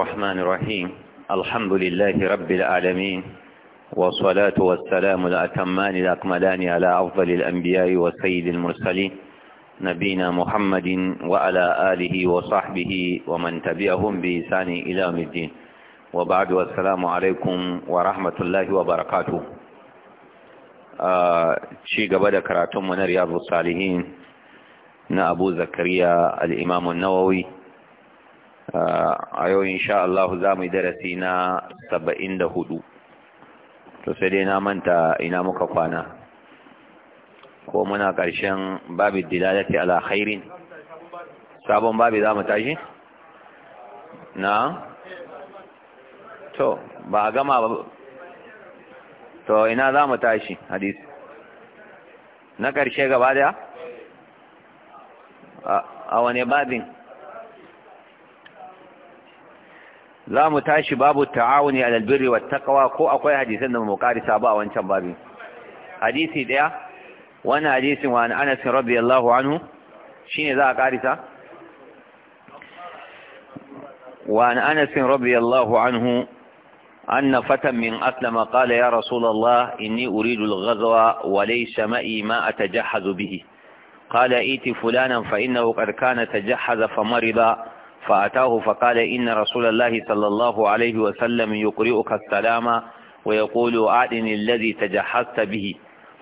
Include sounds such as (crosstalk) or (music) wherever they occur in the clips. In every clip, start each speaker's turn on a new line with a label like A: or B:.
A: الرحمن الرحيم الحمد لله رب العالمين والصلاة والسلام الأتمان الأكملان على أفضل الأنبياء وسيد المرسلين نبينا محمد وعلى آله وصحبه ومن تبعهم بإسان إلى الدين وبعد والسلام عليكم ورحمة الله وبركاته شيء قبل كراتم من رياض الصالحين na abu zakariya al'imamun nawawi a yau insha Allah za mu yi darasi na saba'in da hudu to sai dai na manta ina muka kwana ko muna ƙarshen babi dilalati ala khairin sabon babi za mu tashi na to ba a gama ba to ina za mu tashi hadis na ƙarshe gaba daya a wane babin za mu tashi babu ta'awuni alal birri wat taqwa ko akwai hadisan da mu karisa ba wancan babin hadisi daya wannan hadisin wa Anas radiyallahu anhu shine za a karisa wa Anas radiyallahu anhu anna fatan أن فتى من أسلم قال يا رسول الله wa laysa ma'i ma atajahhazu bihi qala iti fulanan fa innahu qad kana tajahhaza fa marida فأتاه فقال إن رسول الله صلى الله عليه وسلم يقرئك السلام ويقول أعدني الذي تجحزت به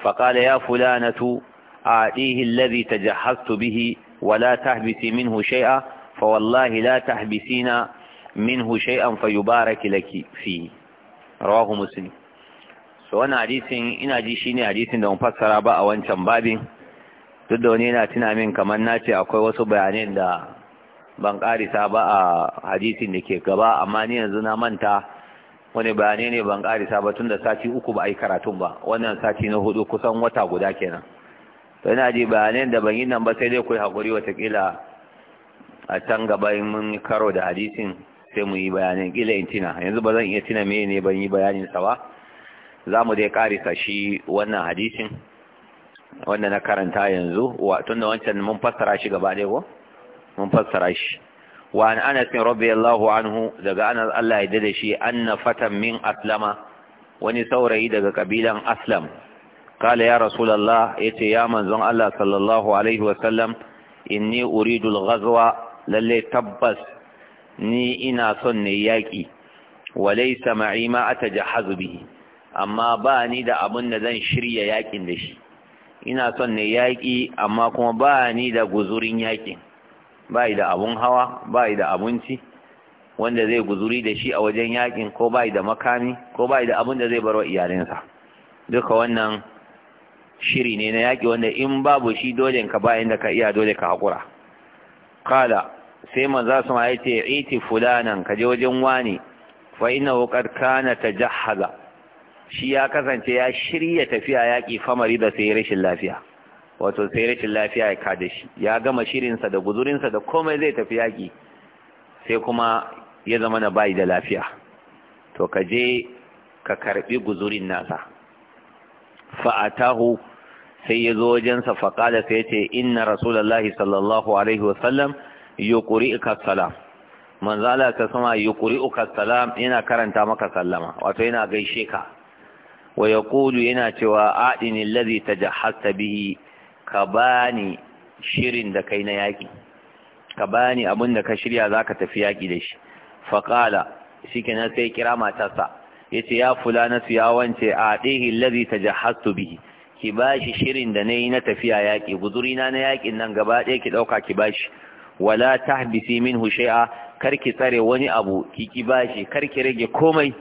A: فقال يا فلانة أعطيه الذي تجحزت به ولا تهبسي منه شيئا فوالله لا تحبسين منه شيئا فيبارك لك فيه rawahu muslim so wannan hadisin ina ji shine hadisin da mun fassara ba a wancan babin duk da wani yana tuna min kamar nace akwai wasu bayanai da ban karisa ba a hadisin da ke gaba amma ni yanzu na manta wani bayane ne ban karisa ba tun da sati uku ba a yi karatun ba wannan sati na hudu kusan wata guda kenan to ina ji bayanai da ban yi nan ba sai dai ku yi haƙuri watakila a can gaba in mun karo da hadisin sai mu yi bayanin kila in tina yanzu ba zan iya tina me ne ban yi bayanin sa ba za mu dai karisa shi wannan hadisin wanda na karanta yanzu wa tunda wancan mun fassara shi gaba dai ko mun fassara shi wa an anas radiyallahu anhu daga anas Allah ya dade shi anna fatan min aslama wani saurayi daga kabilan aslam kala ya rasulullah yace ya manzon Allah sallallahu alaihi wa sallam inni uridu al-ghazwa lalle tabbas ni ina son ne yaki walaysa ma'i ma atajahhazu bihi amma ba ni da abin da zan shirya yakin da shi ina son ne yaki amma kuma ba ni da guzurin yakin ba da abun hawa ba da abinci wanda zai guzuri da shi a wajen yakin ko ba da makami ko ba da abin da zai barwa iyalinsa duka wannan shiri ne na yaki wanda in babu shi dole ka ba inda ka iya dole ka hakura kala sai maza su ma yace iti fulanan ka je wajen wani fa innahu qad kana tajahhaza shi ya kasance ya shirya tafiya yaki famari da sai rashin lafiya wato sai rashin lafiya ya kada shi ya gama shirinsa da guzurinsa da komai zai tafi yaƙi sai kuma ya zama na bayi da lafiya to ka je ka karɓi guzurin nasa fa'atahu sai ya zo wajensa faƙada sai ce inna rasulallahi sallallahu alaihi wasallam yi ka salam manzala ta sama yi salam yana karanta maka sallama wato yana gaishe ka wa yaqulu yana cewa adini lazi ta bihi ka bani shirin da kai na yaƙi ka bani abin da ka shirya za ka tafi yaƙi da shi faƙala shi nan sai kira matarsa ya ce ya fula na su ya wance a ɗihin lazi ta jahastu bihi ki ba shi shirin da na yi na tafiya yaƙi guzurina na yaƙin nan gaba ɗaya ki ɗauka ki ba shi wala bisi min hushe'a kar ki tsare wani abu ki ki ba shi kar ki rage komai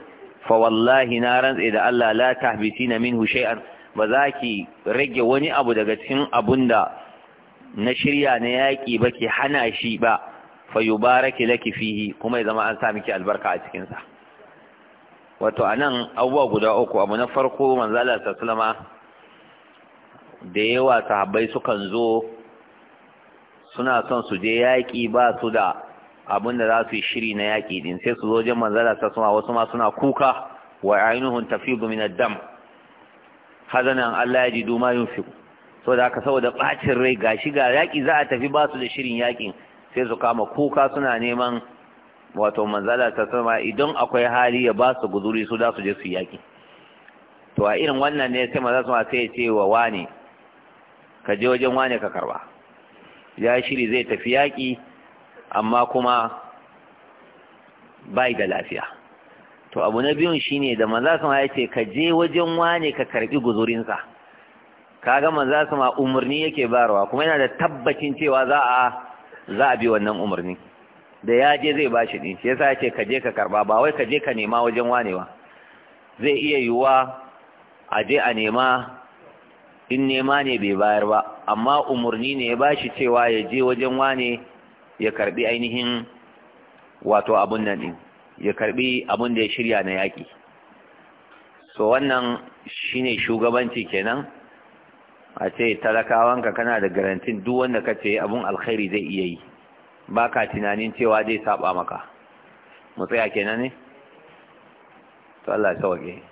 A: fa wallahi na rantse da Allah la bisi na min hushe'an ba za ki rage wani abu daga cikin abun da na shirya na yaƙi ba ki hana shi ba fa yubaraki laki fihi kuma ya zama an sa miki albarka a cikinsa. wato a nan abubuwa guda uku abu na farko manzala Allah da yawa sahabbai sukan zo suna son su je yaƙi ba su da abin da za su yi shiri na yaƙi din sai su zo jan manzala ta wasu ma suna kuka wa ainihin gumi na dam hazanan Allah ya ji yin ma so da haka saboda ɓacin rai gashi ga yaƙi za a tafi ba su da shirin yakin sai su kama kuka suna neman wato manzala ta sama idan akwai hali ya ba su guzuri su za su je su yaƙi to a irin wannan ne sai maza sama sai ce wa wane ka je wajen wane ka karba ya shiri zai tafi yaƙi, amma kuma bai da lafiya to abu na biyun shine da manza sama ya ce ka je wajen wane ka karbi guzurinsa kaga manza sama umarni yake barwa kuma yana da tabbacin cewa za a za a bi wannan umarni da ya je zai bashi din shi yasa ya ce ka je ka karba ba wai ka je ka nema wajen wane ba zai iya yiwuwa a je a nema in nema ne bai bayar ba amma umarni ne ya bashi cewa ya je wajen wane ya karbi ainihin wato abun nan din ya karbi abin da ya shirya na yaƙi so wannan shine shugabanci kenan a ce talakawanka kana da garantin duk wanda ka ce abin alkhairi zai iya yi ba ka tunanin cewa zai saba maka mu tsaya kenan ne to Allah ya sauke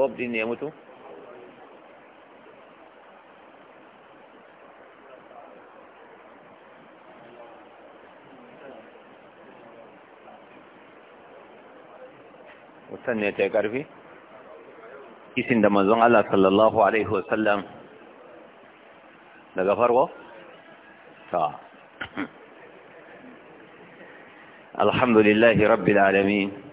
A: bob din ya mutu wutan ne ta yi ƙarfi isin da manzon Allah sallallahu Alaihi wasallam daga farko? ta alhamdulillahi rabbil alamin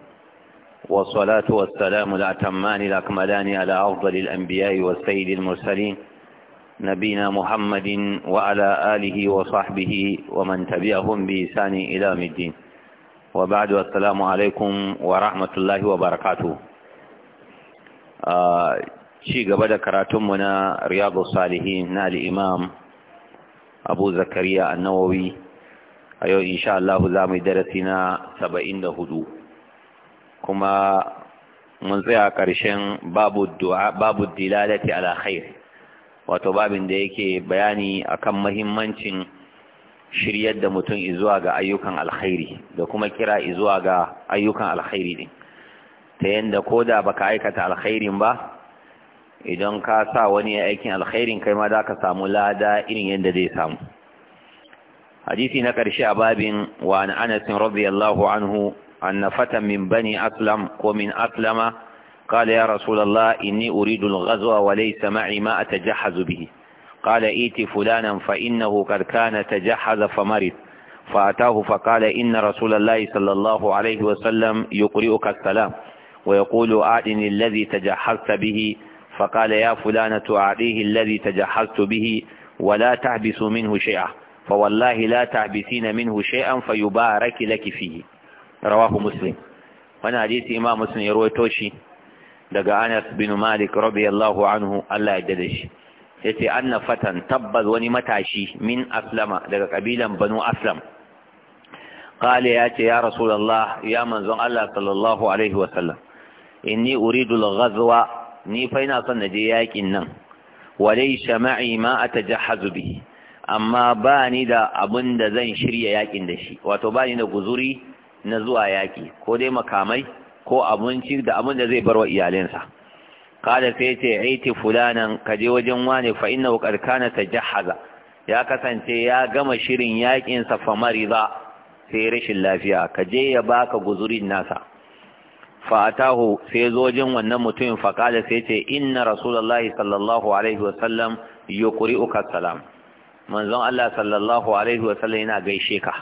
A: والصلاة والسلام الأتمان الأكملان على أفضل الأنبياء والسيد المرسلين نبينا محمد وعلى آله وصحبه ومن تبعهم بإسان إلى الدين وبعد السلام عليكم ورحمة الله وبركاته شيء قبل كراتمنا رياض الصالحين نال الإمام أبو زكريا النووي أيوة إن شاء الله زامي درسنا سبعين هدوء kuma mun tsaya ƙarshen babu dilalati ala khair wato babin da yake bayani akan mahimmancin shiryar da mutum izuwa ga ayyukan alkhairi da kuma kira izuwa ga ayyukan alkhairi din ta yanda da baka aikata alkhairin ba idan ka sa wani ya aikin alkhairin kai ma za ka samu lada irin yadda zai samu hadisi na ƙarshe a babin wa an anas radiyallahu anhu أن فتى من بني أسلم ومن أسلم قال يا رسول الله إني أريد الغزو وليس معي ما أتجهز به قال إيت فلانا فإنه قد كان تجهز فمرض فأتاه فقال إن رسول الله صلى الله عليه وسلم يقرئك السلام ويقول أعدني الذي تجهزت به فقال يا فلانة أعديه الذي تجهزت به ولا تحبس منه شيئا فوالله لا تحبسين منه شيئا فيبارك لك فيه rawahu muslim wani hadisi imam muslim ya rawaito shi daga Anas bin Malik radiyallahu anhu Allah ya dade shi yace anna fatan tabbaz wani matashi min aslama daga kabilan banu aslam qala yace ya rasulullah ya manzon Allah sallallahu alaihi wasallam inni uridu al-ghazwa ni fa ina son naje yakin nan walaysa ma'i ma atajahhazu bihi amma ba ni da abin da zan shirya yakin da shi wato ba ni da guzuri na zuwa yaƙi ko dai makamai ko abinci da abin da zai bar wa iyalinsa kada sai ce aiti fulanan ka je wajen wane fa inna wa karkana ta jahaza ya kasance ya gama shirin yaƙin sa fa mariza sai rashin lafiya ka je ya baka guzurin nasa fa atahu sai zo wajen wannan mutumin fa kada sai ce inna rasulullahi sallallahu alaihi wa sallam yuqri'uka salam manzon Allah sallallahu alaihi wa sallam yana gaishe ka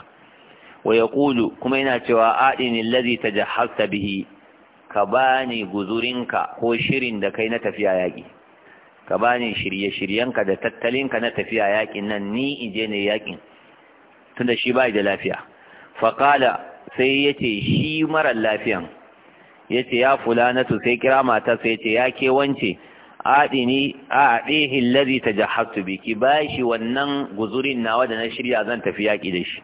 A: wa yaqulu kuma yana cewa adini allazi tajahhasta bihi ka bani guzurinka ko shirin da kai na tafiya yaƙi ka bani shirye-shiryenka da tattalinka na tafiya yaƙin nan ni in je ne yaƙin tunda shi bai da lafiya faƙala sai ya ce shi marar lafiyan ya ce ya fulanatu sai kira mata sai ce ya ke wance aɗini a aɗihin lazi ta bihi biki ba shi wannan guzurin nawa da na shirya zan tafi yaƙi da shi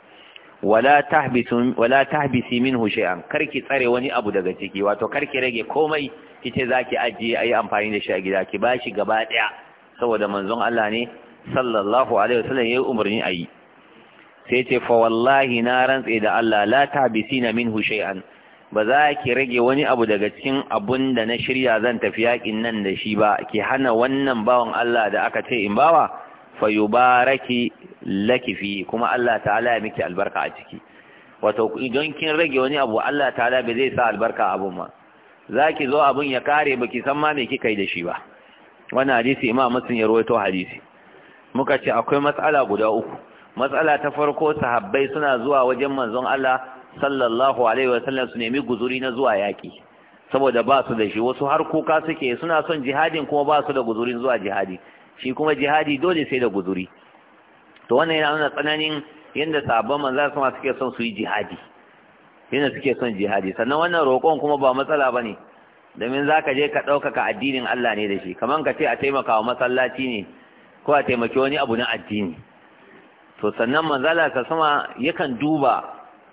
A: wala tahbisu wala tahbisi minhu shay'an karki tsare wani abu daga ciki wato karki rage komai kice zaki ajiye ayi amfani da shi a gida ki bashi gaba daya saboda manzon Allah ne sallallahu alaihi wasallam yayi umarni ayi sai ce fa wallahi na rantse da Allah la tahbisina minhu shay'an ba za ki rage wani abu daga cikin abun da na shirya zan tafi yakin nan da shi ba ki hana wannan bawan Allah da aka ce in bawa fa yubaraki laki fi kuma Allah ta'ala ya miki albarka a ciki wato idan kin rage wani abu Allah ta'ala bai zai sa albarka a abun ma zaki zo abun ya kare baki san ma me kika yi da shi ba wannan hadisi imam muslim ya rawaito hadisi muka ce akwai matsala guda uku matsala ta farko sahabbai suna zuwa wajen manzon Allah sallallahu alaihi wasallam su nemi guzuri na zuwa yaki saboda ba su da shi wasu har kuka suke suna son jihadin kuma ba su da guzurin zuwa jihadi shi kuma jihadi dole sai da guzuri to wannan yana nuna tsananin yadda sabon manzo sama suke son su yi jihadi yadda suke son jihadi sannan wannan roƙon kuma ba matsala ba ne domin za ka je ka ɗaukaka addinin Allah ne da shi kamar ka ce a taimaka wa masallaci ne ko a taimaki wani abu na addini to sannan manzala ta sama yakan duba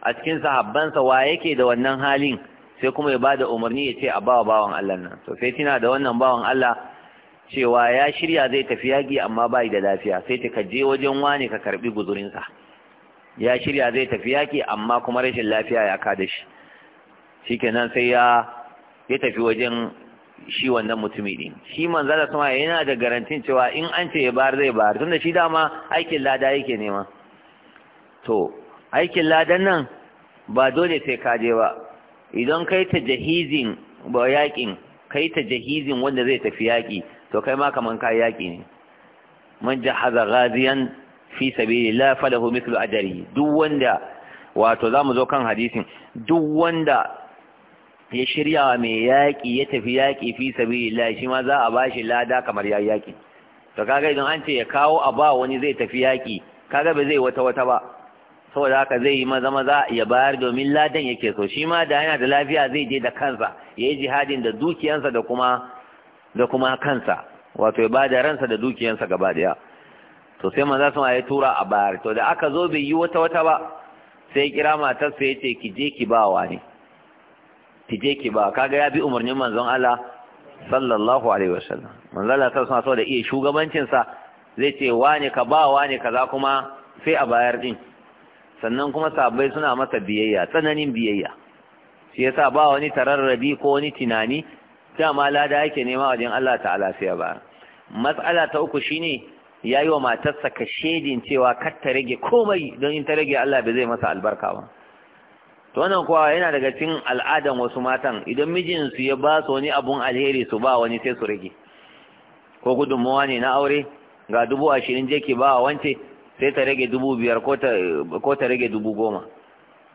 A: a cikin sahabbansa wa yake da wannan halin sai kuma ya ba da umarni ya ce a bawa bawan Allah nan to sai tana da wannan bawan Allah cewa ya shirya zai tafi yaƙi amma bai da lafiya sai ta kaje wajen wani ka karbi guzurinsa ya shirya zai tafi yaƙi amma kuma rashin lafiya ya kada shi shikenan sai ya ya tafi wajen shi wannan mutumi din shi manzala kuma yana da garantin cewa in an ce ya bar zai bar tunda shi dama aikin lada yake nema to aikin ladan nan ba dole sai ka je ba idan kai ta jahizin ba yaƙin kai ta jahizin wanda zai tafi yaƙi to kai ma kaman kai yaki ne man jahaza ghaziyan fi sabilillah falahu mithlu ajri duk wanda wato zamu zo kan hadisin duk wanda ya shirya mai yaƙi ya tafi yaƙi fi sabilillah shi ma za a bashi lada kamar yayi yaƙi to kaga idan an ce ya kawo a ba wani zai tafi yaki kaga ba zai wata wata ba saboda haka zai yi maza maza ya bayar domin ladan yake so shi ma da yana da lafiya zai je da kansa ya yi jihadin da dukiyansa da kuma da kuma kansa wato ya bada ransa da dukiyansa gaba daya to sai manzo sun ayi tura a bayar to da aka zo bai yi wata wata ba sai kira matar sai yace ki je ki ba wani ki je ki ba kaga ya bi umarnin manzon Allah sallallahu alaihi wasallam manzo Allah ta so da iya shugabancin sa zai ce wani ka ba wani kaza kuma sai a bayar din sannan kuma sabbai suna masa biyayya tsananin biyayya shi yasa ba wani tararrabi ko wani tunani ma lada yake nema wajen Allah ta'ala sai ya ba matsala ta uku shine yayi wa matarsa kashedin cewa kar ta rage komai don in ta rage Allah bai zai masa albarka ba to wannan kuwa yana daga cikin al'adan wasu matan idan mijinsu ya ba su wani abun alheri su ba wani sai su rage ko gudunmawa ne na aure ga dubu ashirin je ki ba wance sai ta rage dubu biyar ko ta rage dubu goma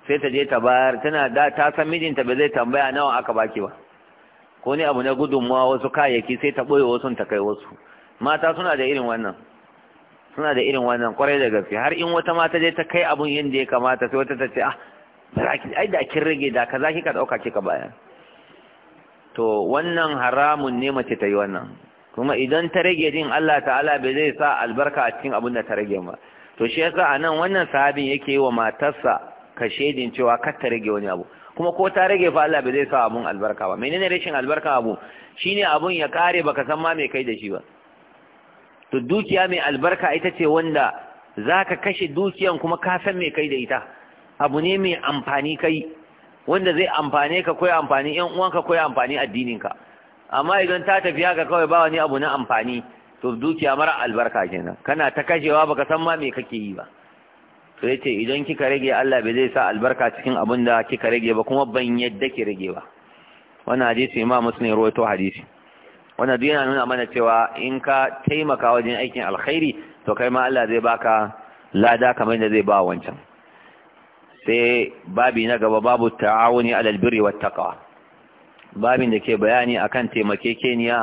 A: sai ta je ta bayar tana da ta san mijinta ba zai tambaya nawa aka baki ba ko ne abu na gudunmawa wasu kayayyaki sai ta ɓoye wasu ta kai wasu mata suna da irin wannan suna da irin wannan kwarai da gaske har in wata mata dai ta kai abun yadda ya kamata sai wata ta ce ah ai da kin rage da zaki kika dauka kika baya to wannan haramun ne mace ta yi wannan kuma idan ta rage din Allah ta'ala bai zai sa albarka a cikin abin da ta rage ba to shi yasa anan wannan sahabin yake yi wa matarsa ka shedin cewa kar ta rage wani abu kuma ko ta rage fa Allah ba zai sa abun albarka ba menene rashin albarka abu shine abun ya kare baka san ma me kai da shi ba to dukiya mai albarka ita ce wanda zaka kashe dukiyan kuma ka san me kai da ita abu ne mai amfani kai wanda zai amfane ka ko amfani ƴan uwanka ko amfani addinin ka amma idan ta tafi haka kawai ba wani abu na amfani to dukiya mara albarka kenan kana ta kashewa baka san ma me kake yi ba to yace idan kika rage Allah bai zai sa albarka cikin abin da kika rage ba kuma ban yadda ki rage ba wannan hadisi imam muslim ya rawaito hadisi wannan duk yana nuna mana cewa in ka taimaka wajen aikin alkhairi to kai ma Allah zai baka lada kamar yadda zai ba wancan sai babi na gaba babu ta'awuni alal birri wat taqwa babin da ke bayani akan taimakekeniya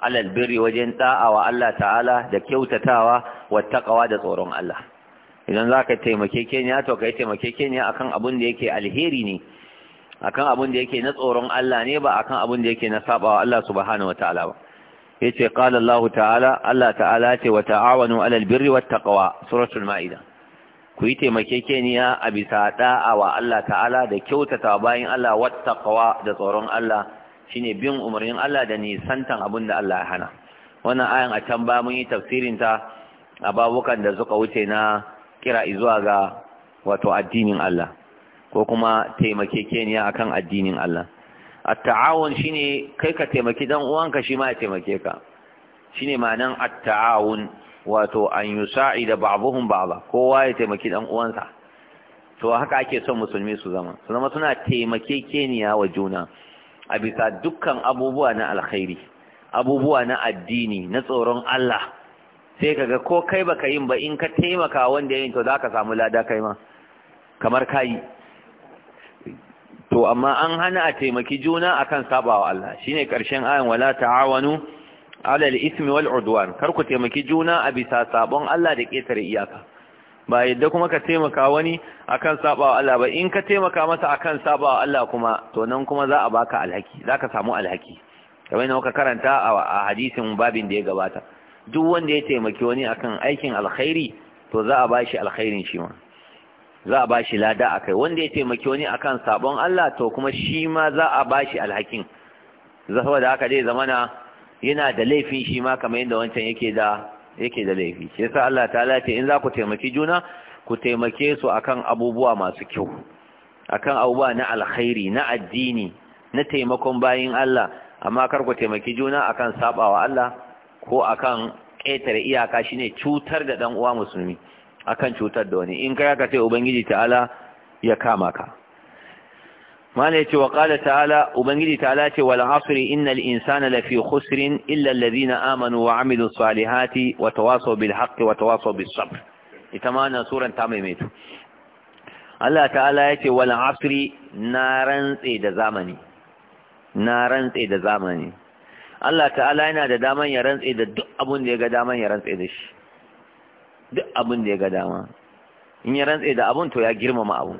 A: alal birri wajen da'awa wa Allah ta'ala da kyautatawa wat taqwa da tsoron Allah idan za ka taimakekeniya to ka yi taimakekeniya akan abin da yake alheri ne akan abin da yake na tsoron Allah ne ba akan abin da yake na sabawa Allah subhanahu wataala ba yace qala Allah ta'ala Allah ta'ala ce wa ta'awanu 'alal birri wat taqwa suratul maida ku yi taimakekeniya a bisa da'a wa Allah ta'ala da kyautata bayin Allah wat taqwa da tsoron Allah shine bin umarnin Allah da nisantan abin da Allah ya hana wannan ayan a can ba mun yi tafsirin ta a babukan da suka wuce na kira zuwa ga wato addinin Allah ko kuma keniya akan addinin Allah at-ta'awun shine kai ka taimaki dan uwanka shi ma ya taimake ka shine ma'anan at-ta'awun wato an yusa'ida ba'dhum ba'dha kowa ya taimaki dan uwansa to haka ake son musulmi su zama su zama suna keniya wa juna a bisa dukkan abubuwa na alkhairi abubuwa na addini na tsoron Allah sai kaga ko kai baka yin ba in ka taimaka wanda yayin to zaka samu lada kai ma kamar kai to amma an hana a taimaki juna akan sabawa Allah shine karshen ayan wala ta'awanu ala al ithmi wal udwan kar ku taimaki juna a bisa sabon Allah da ketar iyaka ba yadda kuma ka taimaka wani akan sabawa Allah ba in ka taimaka masa akan sabawa Allah kuma to nan kuma za a baka alhaki zaka samu alhaki kamar yadda muka karanta a hadisin babin da ya gabata duk wanda ya taimaki wani akan aikin alkhairi to za a bashi alkhairin shi ma za a bashi lada akai wanda ya taimaki wani akan sabon Allah to kuma shi ma za a bashi alhakin da haka dai zamana yana da laifin shi ma kamar yadda wancan yake da yake da laifi shi yasa Allah ta'ala ce in za ku taimaki juna ku taimake su akan abubuwa masu kyau akan abubuwa na alkhairi na addini na taimakon bayin Allah amma kar ku taimaki juna akan sabawa Allah ko akan ƙetare iyaka shine cutar da ɗan uwa musulmi akan cutar da wani in kai ka sai ubangiji ta'ala ya kama ka mana yace wa qala ta'ala ubangiji ta'ala ce wal asri innal insana lafi khusrin illa alladhina amanu wa amilu salihati wa tawasaw bil haqqi wa tawasaw bis sabr ita ma na suran ta maimaitu Allah ta'ala yace wal asri na rantse da zamani na rantse da zamani Allah ta'ala yana da daman ya rantse da duk abin da ya ga daman ya rantse da shi duk abin da ya ga dama in ya rantse da abun to ya girmama abu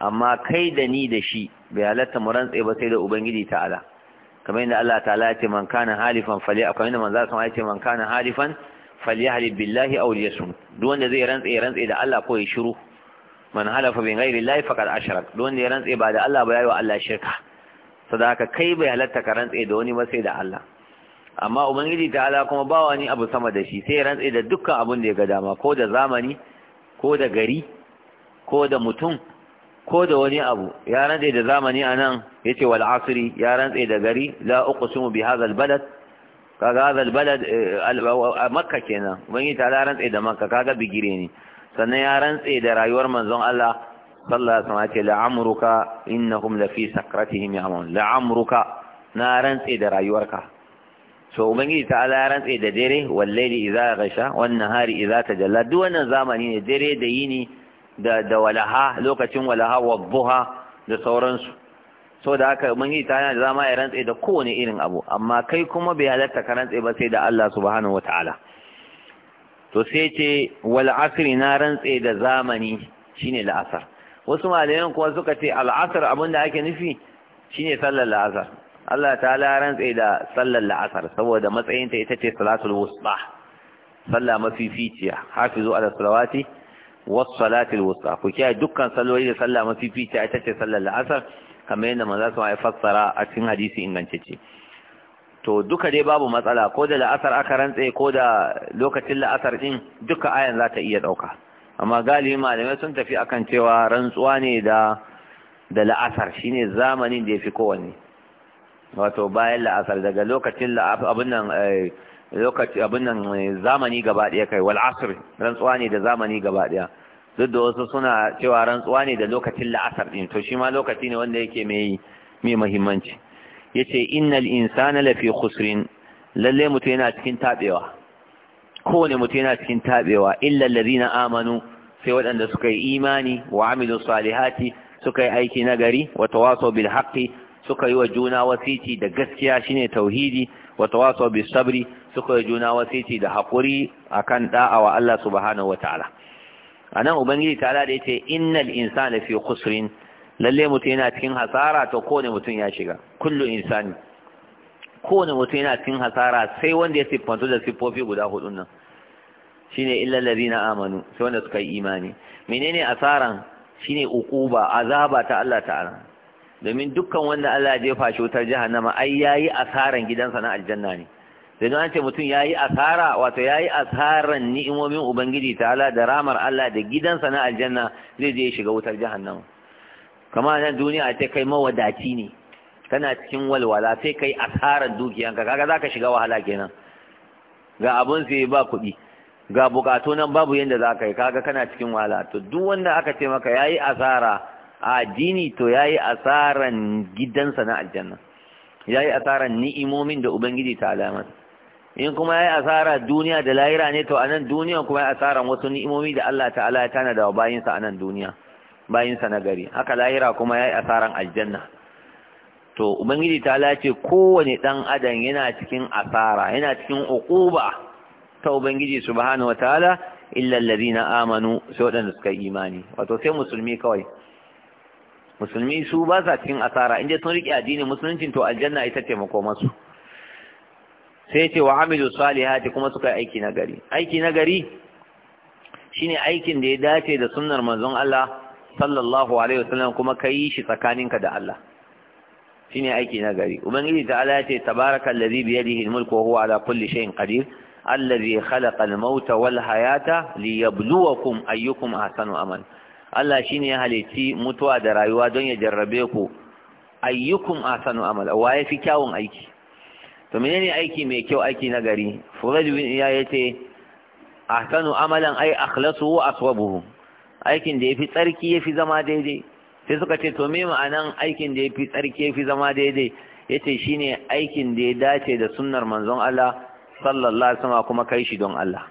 A: amma kai da ni da shi bai halatta mu rantse ba sai da ubangiji ta'ala kamar yadda Allah ta'ala ya ce man kana halifan fali akwai yadda manzo sama ya ce man kana halifan falyahlib billahi aw yasum duk wanda zai rantse ya rantse da Allah ko ya shiru man halafa bin ghairi llahi faqad ashrak duk wanda ya rantse ba da Allah ba yayi wa Allah shirka sadaka kai bai halatta ka rantse da wani ba sai da Allah amma ubangiji ala kuma ba wani abu sama da shi sai rantse da dukkan abin da ya ga dama ko da zamani ko da gari ko da mutum ko da wani abu ya rantse da zamani anan yace wal asri ya rantse da gari la uqsimu bi hadha al balad kaga hadha al balad eh, makka kenan ubangiji ala rantse da makka kaga bigire ne sannan ya rantse da rayuwar manzon Allah sallah sama ce la'amruka innahum lafi sakratihim ya'mun la'amruka na rantse da rayuwarka so ubangiji ta ala rantse da dare wallahi idza ghasha wan nahari idza tajalla duk wannan zamani ne dare da yini da walaha lokacin walaha wa buha da sauransu so da haka ubangiji ta yana zama ya rantse da kowane irin abu amma kai kuma bai halatta ka rantse ba sai da Allah subhanahu wataala to sai ce wal asri na rantse da zamani shine la'asar wasu malayan kuma suka ce al'asar abin da ake nufi shine sallar la'asar Allah ta rantse da sallar la'asar saboda matsayinta ita ce salatul wusta sallah mafificiya hafizu ala salawati was salatul wusta ku kiyaye dukkan salloli da sallah mafificiya ita ce sallar la'asar kamar yadda manzo sun ya fassara a cikin hadisi ingantacce to duka dai babu matsala ko da la'asar aka rantse ko da lokacin la'asar ɗin, duka ayan za ta iya ɗauka. amma galibi malamai sun tafi akan cewa rantsuwa ne da da la'asar shine zamanin da ya fi kowanne wato bayan la'asar daga lokacin abin nan eh, lokaci abin nan eh, zamani gaba daya kai wal asr rantsuwa ne da zamani gaba daya duk da wasu suna cewa rantsuwa ne da lokacin la'asar din to shi ma lokaci ne wanda yake mai mai muhimmanci yace innal insana lafi khusrin lalle mutum yana cikin tabewa kowane mutum yana cikin taɓewa illa na amanu sai waɗanda suka yi imani wa amilu salihati suka yi aiki nagari wa tawasaw bil haqqi suka yi wa juna wasiti da gaskiya shine tauhidi wa tawasaw bis sabri suka yi juna wasiti da hakuri akan da'a wa Allah subhanahu wataala anan ubangiji ta'ala da yace innal insana fi khusrin lalle mutum yana cikin hasara to kowane mutum ya shiga kullu insani kowane mutum yana cin hasara sai wanda ya siffantu da siffofi guda hudu nan shine illal na amanu sai wanda suka yi imani menene asaran shine ukuba, azaba ta Allah ta'ala domin dukkan wanda Allah ya jefa shi wutar jahannama ai yayi asaran gidansa na aljanna ne sai don an ce mutum yayi asara wato yayi asaran ni'imomin ubangiji ta'ala da ramar Allah da gidansa na aljanna zai je shiga wutar jahannama kama nan duniya a ce kai mawadaci ne kana cikin walwala sai kai asaran dukiyanka kaga zaka shiga wahala kenan ga abun sai ba kuɗi ga bukatu nan babu yadda za ka yi kaga kana cikin wahala to duk wanda aka ce maka yayi asara a dini to yayi asaran gidansa na aljanna yayi asaran ni'imomin da ubangiji ta alama in kuma yayi asara duniya da lahira ne to anan duniya kuma yayi asaran wasu ni'imomi da Allah ta'ala ya tana da bayinsa anan duniya bayinsa na gari haka lahira kuma yayi asaran aljanna to ubangiji ta lace kowane dan adam yana cikin asara yana cikin uquba ta ubangiji subhanahu wataala illa alladhina amanu sai wadanda suka imani wato sai musulmi kawai musulmi su ba sa cikin asara inda sun rike addinin musulunci to aljanna ita ce masu. sai ce wa amilu salihati kuma suka aiki aiki nagari aiki nagari shine aikin da ya dace da sunnar manzon Allah sallallahu alaihi wasallam kuma kai shi tsakaninka da Allah shine aiki na gari ubangiji ta ala ce tabaraka ladhi bi yadihi mulku wa huwa ala kulli shay'in qadir allazi khalaqa al wal hayata liyabluwakum ayyukum ahsanu amal Allah shine ya halitti mutuwa da rayuwa don ya jarrabe ku ayyukum ahsanu amal wa yafi kyawun aiki to menene aiki mai kyau aiki na gari furaj bin ya yace ahsanu amalan ay akhlasu wa aswabuhu aikin da yafi tsarki yafi zama daidai sai suka ce to me ma'anan aikin da ya fi tsarki ya fi zama daidai ya ce shi ne aikin da ya dace da sunnar manzon Allah sallallahu alaihi wasallam kuma kai shi don Allah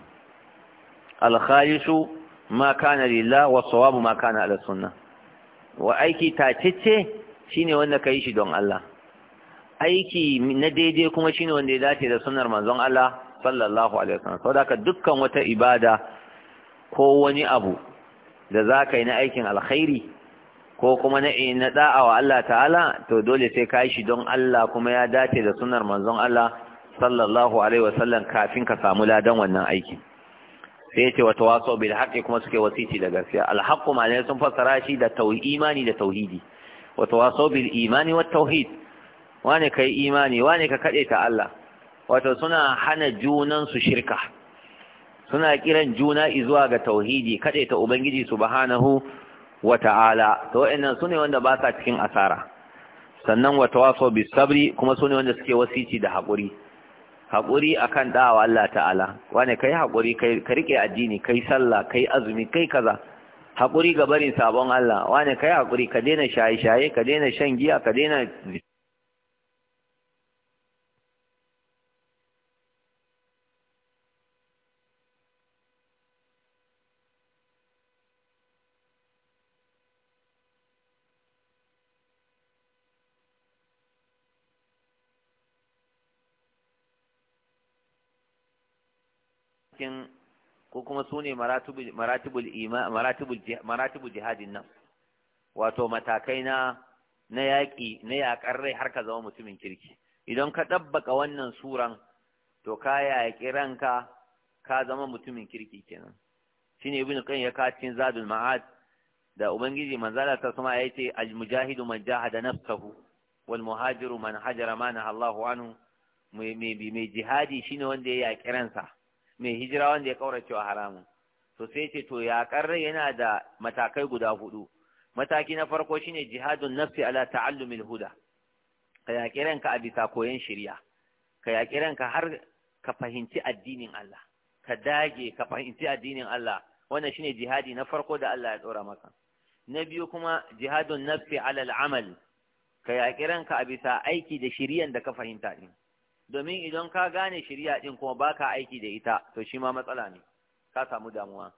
A: alkhalisu ma kana lillah wa sawabu ma kana ala sunna wa aiki ta tacece shine wanda kai shi don Allah aiki na daidai kuma shine wanda ya dace da sunnar manzon Allah sallallahu alaihi wasallam saboda ka dukkan wata ibada ko wani abu da zaka yi na aikin alkhairi ko kuma na na da'a wa Allah ta'ala to dole sai ka shi don Allah kuma ya dace da sunar manzon Allah sallallahu alaihi wasallam kafin ka samu ladan wannan aiki sai yace wa waso bil haqqi kuma suke wasiti da gaskiya al haqqu ma'ana sun fassara shi da imani da tauhidi wa waso bil imani wat tauhid wane kai imani wane ka kade ta Allah wato suna hana junan su shirka suna kiran juna izuwa ga tauhidi kade ta ubangiji subhanahu Wata'ala ta'ala to wa'annan sune wanda ba sa cikin asara sannan wa tawaso bis sabri kuma sune wanda suke wasici da hakuri haƙuri akan da'awa Allah ta'ala wane kai haƙuri kai ka rike addini kai sallah kai azumi kai kaza haƙuri ga barin sabon Allah wane kai haƙuri ka daina shaye-shaye ka daina shan giya ka daina kuma su ne maratibul jihadin nan wato matakai na na yaƙi na yaƙar rai har ka zama mutumin kirki idan ka ɗabbaka wannan suran to ka yaƙi ranka ka zama mutumin kirki kenan shine ibn qayyim ya kacin zadul ma'ad da ubangiji manzala ta sama ya ce almujahidu man jahada nafsahu wal muhajiru man hajara Allahu anhu mai jihadi shine wanda ya yaƙi ransa mai hijira wanda ya kaura cewa haramun to sai ce to yaƙar rai yana da matakai guda hudu mataki na farko shine jihadun nafsi ala ta'allumil huda ka yaƙi ranka a bisa koyon shirya ka yaƙi ranka har ka fahimci addinin Allah ka dage ka fahimci addinin Allah wannan shine jihadi na farko da Allah ya tsora maka na biyu kuma jihadun nafsi ala al'amal ka yaƙi ranka a bisa aiki da shiryan da ka fahimta din domin idan ka gane shirya din kuma baka aiki da ita to shi ma matsala ne ka samu damuwa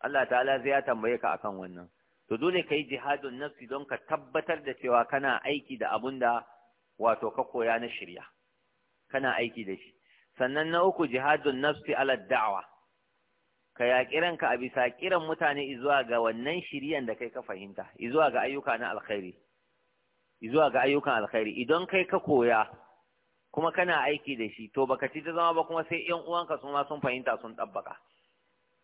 A: Allah ta'ala zai ya tambaye ka akan wannan to dole kai jihadun nafsi don ka tabbatar da cewa kana aiki da abun da wato ka koya na shari'a kana aiki da shi sannan na uku jihadun nafsi ala da'wa ka yaƙi ranka a bisa kiran mutane izuwa ga wannan shiriyan da kai ka fahimta izuwa ga ayyuka na izuwa ga ayyukan alkhairi idan kai ka koya kuma kana aiki da shi to baka ci ta zama ba kuma sai yan uwanka su ma sun fahimta sun tabbaka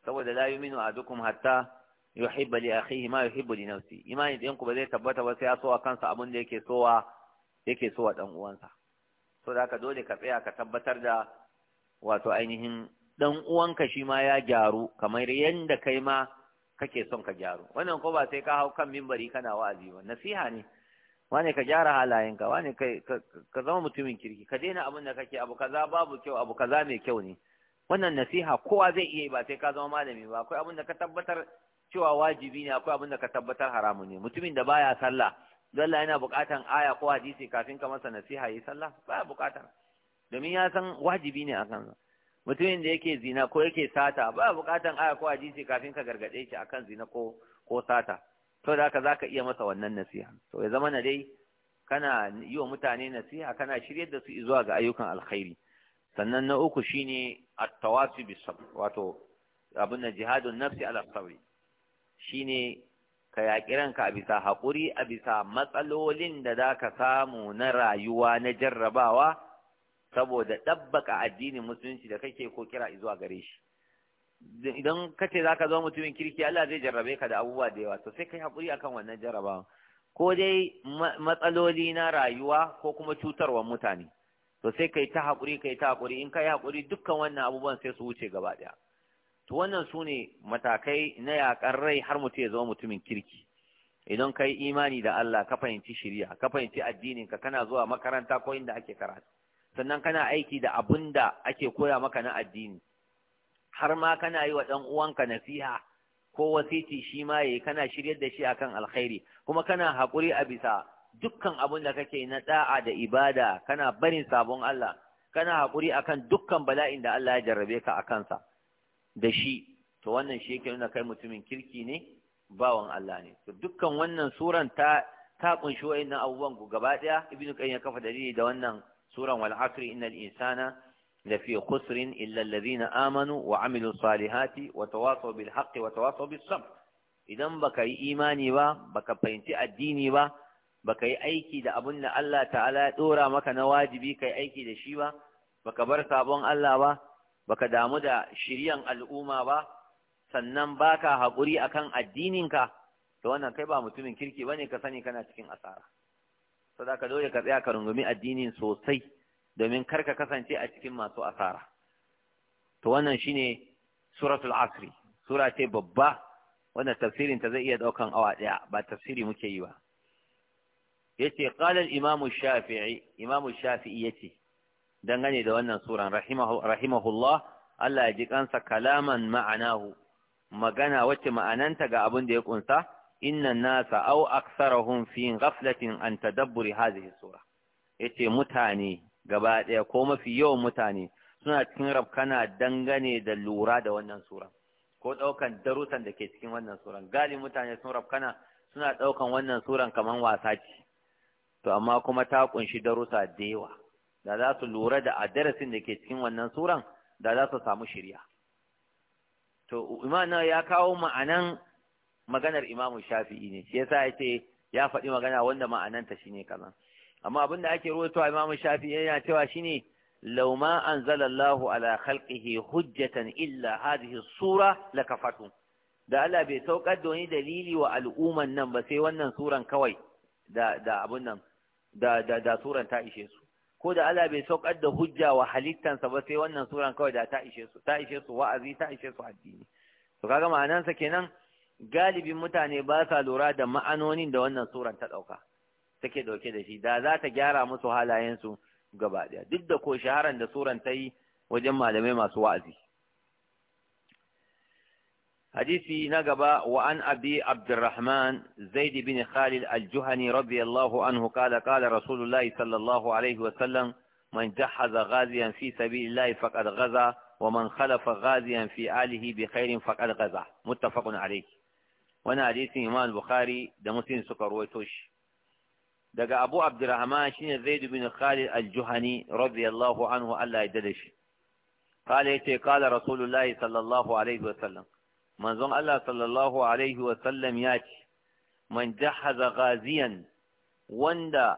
A: saboda la yuminu ahadukum hatta yuhibba li akhihi ma yuhibbu li nafsi imani ɗayan ku ba zai tabbata ba sai ya sowa kansa abin da yake sowa yake sowa dan uwansa saboda haka dole ka tsaya ka tabbatar da wato ainihin ɗan uwanka shi ma ya gyaru kamar yanda kai ma kake son ka gyaru wannan ko ba sai ka hau kan mimbari kana wa'azi ba nasiha ne wane ka gyara halayenka wane ka zama mutumin kirki ka daina abin da kake abu kaza babu kyau abu kaza mai kyau ne wannan nasiha kowa zai iya yi ba sai ka zama malami ba akwai abin da ka tabbatar cewa wajibi ne akwai abin da ka tabbatar haramu ne mutumin da baya sallah dalla yana bukatan aya ko hadisi kafin ka masa nasiha yi sallah baya bukata domin ya san wajibi ne a kansa mutumin da yake zina ko yake sata baya bukatan aya ko hadisi kafin ka gargaɗe shi akan zina ko ko sata to da haka ka iya masa wannan nasiha to ya zama na dai kana yi wa mutane nasiha kana shiryar da su zuwa ga ayyukan alkhairi sannan na uku shine at-tawasi bis sabr wato abin na jihadun nafsi ala sabri shine ka yaƙi ranka a bisa haƙuri a bisa matsalolin da za ka samu na rayuwa na jarrabawa saboda ɗabbaka addinin musulunci da kake ko kira zuwa gare shi idan ka ce za ka zama mutumin kirki Allah zai jarrabe ka da abubuwa da yawa to sai ka yi haƙuri akan wannan jarrabawa ko dai matsaloli na rayuwa ko kuma cutarwa mutane to sai ka yi ta haƙuri ka yi ta haƙuri in ka yi haƙuri dukkan wannan abubuwan sai su wuce gaba ɗaya to wannan su ne matakai na yaƙar rai har mutum ya zama mutumin kirki idan ka yi imani da Allah ka fahimci shirya, ka fahimci addinin ka kana zuwa makaranta ko inda ake karatu sannan kana aiki da abin da ake koya maka na addini har ma kana yi wa ɗan uwanka nasiha ko wasiti shi ma yayi kana shiryar da shi akan alkhairi kuma kana haƙuri a bisa dukkan abin da kake na da'a da ibada kana barin sabon Allah kana haƙuri akan dukkan bala'in da Allah ya jarrabe ka a kansa da shi to wannan shi yake nuna kai mutumin kirki ne bawan Allah ne to dukkan wannan suran ta ta kunshi wayannan abubuwan gaba daya ibnu qayyim ya kafa dalili da wannan suran wal asri innal insana لفي خسر إلا الذين آمنوا وعملوا الصالحات وتواصوا بالحق وتواصوا بالصبر idan baka yi imani ba baka fahimci addini ba baka yi aiki da abin da Allah ta'ala ya dora maka na wajibi kayi aiki da shi ba baka bar sabon Allah ba baka damu da shiryan al'umma ba sannan baka haƙuri akan addininka to wannan kai ba mutumin kirki bane ka sani kana cikin asara saboda ka dole ka tsaya ka rungumi addinin sosai domin kar ka kasance a cikin masu asara to wannan shine suratul asri sura ce babba wanda tafsirin ta zai iya ɗaukan awa ɗaya, ba tafsiri muke yi ba yace ce al-imam shafi'i imam yace dangane da wannan suran rahimahullah Allah ya ji ƙansa kalaman ma'anahu magana wacce ma'ananta ga abin da ya ƙunsa inna nasa au aksarahun fi ghaflatin an tadabburi hadhihi sura yace mutane gaba ɗaya ko mafi yawan mutane suna cikin rafkana dangane da lura da wannan sura ko ɗaukan darussan da ke cikin wannan suran galin mutane sun rafkana suna ɗaukan wannan suran kamar wasa ce to amma kuma ta kunshi darusa da yawa da za su lura da a da ke cikin wannan suran da za su samu shirya to imana ya kawo ma'anan maganar imamu shafi'i ne shi yasa ya ce ya faɗi magana wanda ma'ananta shine kaza amma abin da ake ruwaitowa Imam Shafi yana cewa shine law ma anzalallahu ala khalqihi hujjatan illa hadhihi sura lakafatu da Allah bai saukar da wani dalili wa al'umman nan ba sai wannan suran kawai da da abun nan da da da suran ta ishe su ko da Allah bai saukar da hujja wa halittansa ba sai wannan suran kawai da ta ishe su ta ishe su wa'azi ta ishe su addini to kaga ma'anansa kenan galibin mutane ba sa lura da ma'anonin da wannan suran ta dauka take dauke da shi da za ta gyara musu halayensu gaba daya duk da ko shaharan da suran ta yi wajen malamai masu wa'azi hadisi na gaba wa an abi abdurrahman zaid bin khalid al-juhani radiyallahu anhu kala kala rasulullahi sallallahu alaihi wa sallam man jahaza ghaziyan fi sabilillahi faqad ghaza wa man khalafa ghaziyan fi alihi bi khairin faqad ghaza muttafaqun alayhi wannan hadisin imam bukhari da muslim suka ruwaito shi daga abu abdurrahman shine zaid bin khalid al-juhani radiyallahu anhu Allah ya dade shi قال يتي قال رسول الله صلى الله عليه وسلم من زن الله صلى الله عليه وسلم ياتي من جهز غازيا وندا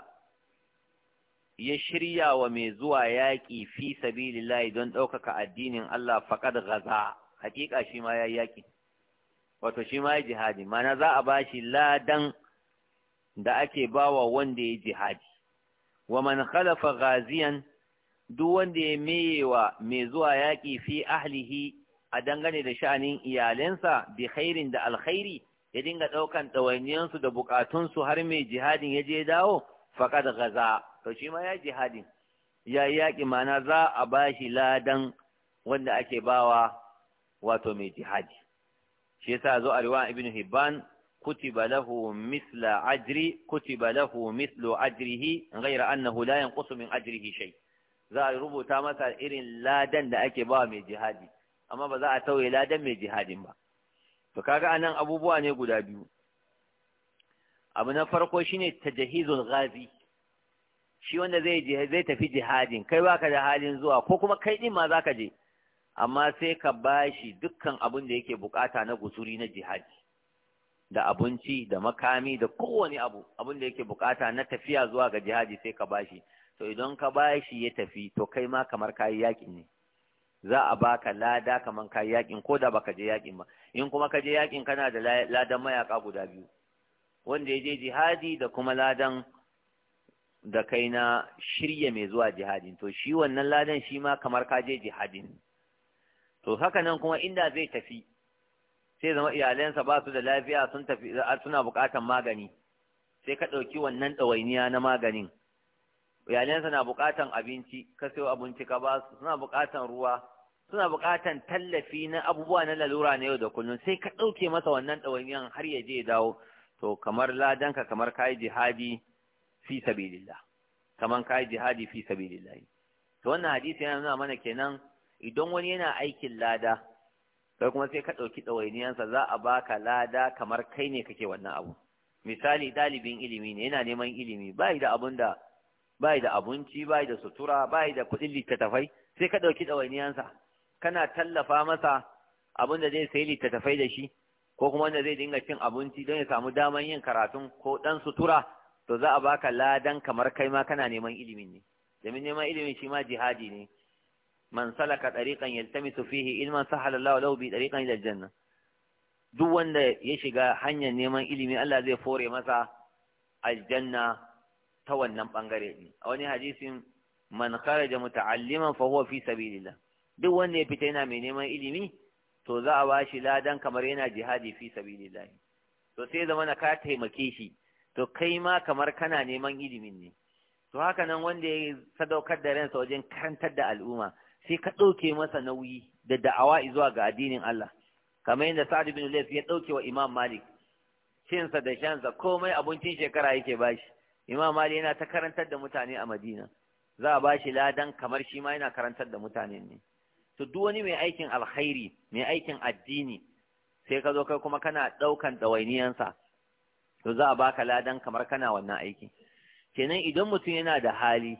A: ya shirya wa mai zuwa yaƙi fi sabilillahi don ɗaukaka addinin Allah faƙad gaza hakika shi ma ya yaƙi wato shi ma ya jihadi mana za a bashi ladan da ake bawa wanda ya jihadi wa man khalafa ghaziyan duk wanda ya meyewa mai zuwa yaƙi fi ahlihi a dangane da sha'anin iyalensa bi khairin da alkhairi ya dinga ɗaukan ɗawainiyansu da buƙatunsu har mai jihadin ya je dawo faƙad gaza to shi ma ya jihadin ya yi yaƙi mana za a ba shi ladan wanda ake bawa wato mai jihadi shi yasa zo a riwa ibnu hibban kutiba lahu misla ajri kutiba lahu mislu ajrihi ghaira annahu la yanqusu min ajrihi za a rubuta masa irin ladan da ake ba mai jihadi amma ba za a tauye ladan mai jihadin ba to kaga anan abubuwa ne guda biyu abu na farko shine tajhizul ghazi shi wanda zai zai tafi jihadin kai baka da halin zuwa ko kuma kai din ma zaka je amma sai ka bashi dukkan abin da yake bukata na gusuri na jihadi da abinci da makami da kowane abu abin da yake bukata na tafiya zuwa ga jihadi sai ka bashi to idan ka bashi ya tafi to kai ma kamar kayi yakin ne za a baka lada kamar kayi yakin ko da baka je yakin ba in kuma ka je yakin kana da ladan mayaka guda biyu wanda ya je jihadi da kuma ladan da kai na shirya mai zuwa jihadi to shi wannan ladan shi ma kamar ka je jihadin to haka nan kuma inda zai tafi sai zama iyalansa ba su da lafiya sun tafi suna buƙatan magani sai ka ɗauki wannan ɗawainiya na maganin iyalansa na bukatan abinci ka sayo abinci ka ba su suna buƙatan ruwa suna bukatan tallafi na abubuwa na lalura na yau da kullum sai ka ɗauke masa wannan ɗawainiyan har ya je dawo to kamar ladanka kamar yi jihadi fi sabilillah kamar yi jihadi fi sabilillah to wannan hadisi yana nuna mana kenan idan wani yana aikin lada Sai kuma sai ka ɗauki ɗawainiyansa za a baka lada kamar kai ne kake wannan abu misali ɗalibin ilimi ne yana neman ilimi bai da abun da bai da abunci bai da sutura bai da kuɗin littattafai sai ka ɗauki ɗawainiyansa kana tallafa masa abin da zai sayi littattafai da shi ko kuma wanda zai dinga cin abinci don ya samu daman yin karatun ko ɗan sutura to za a baka ladan kamar kai ma kana neman ilimin ne domin neman ilimin shi ma jihadi ne man salaka tariqan yaltamisu fihi ilman sahala Allah lahu bi tariqan ila janna duk wanda ya shiga hanyar neman ilimi Allah zai fore masa aljanna ta wannan bangare ne a wani hadisin man kharaja muta'alliman fa huwa fi sabilillah duk wanda ya fita yana mai neman ilimi to za a bashi ladan kamar yana jihadi fi sabilillah to sai zama na ka taimake shi to kai ma kamar kana neman ilimin ne to haka nan wanda ya sadaukar da ransa wajen karantar da al'umma sai ka ɗauke masa nauyi da da'awa zuwa ga addinin Allah kamar yadda Sa'ad bin ya ɗauke wa Imam Malik cinsa da shansa komai abincin shekara yake bashi Imam Malik yana ta karantar da mutane a Madina za a bashi ladan kamar shi ma yana karantar da mutane ne to duk wani mai aikin alkhairi mai aikin addini sai ka zo kai kuma kana ɗaukan ɗawainiyansa to za a baka ladan kamar kana wannan aiki kenan idan mutum yana da hali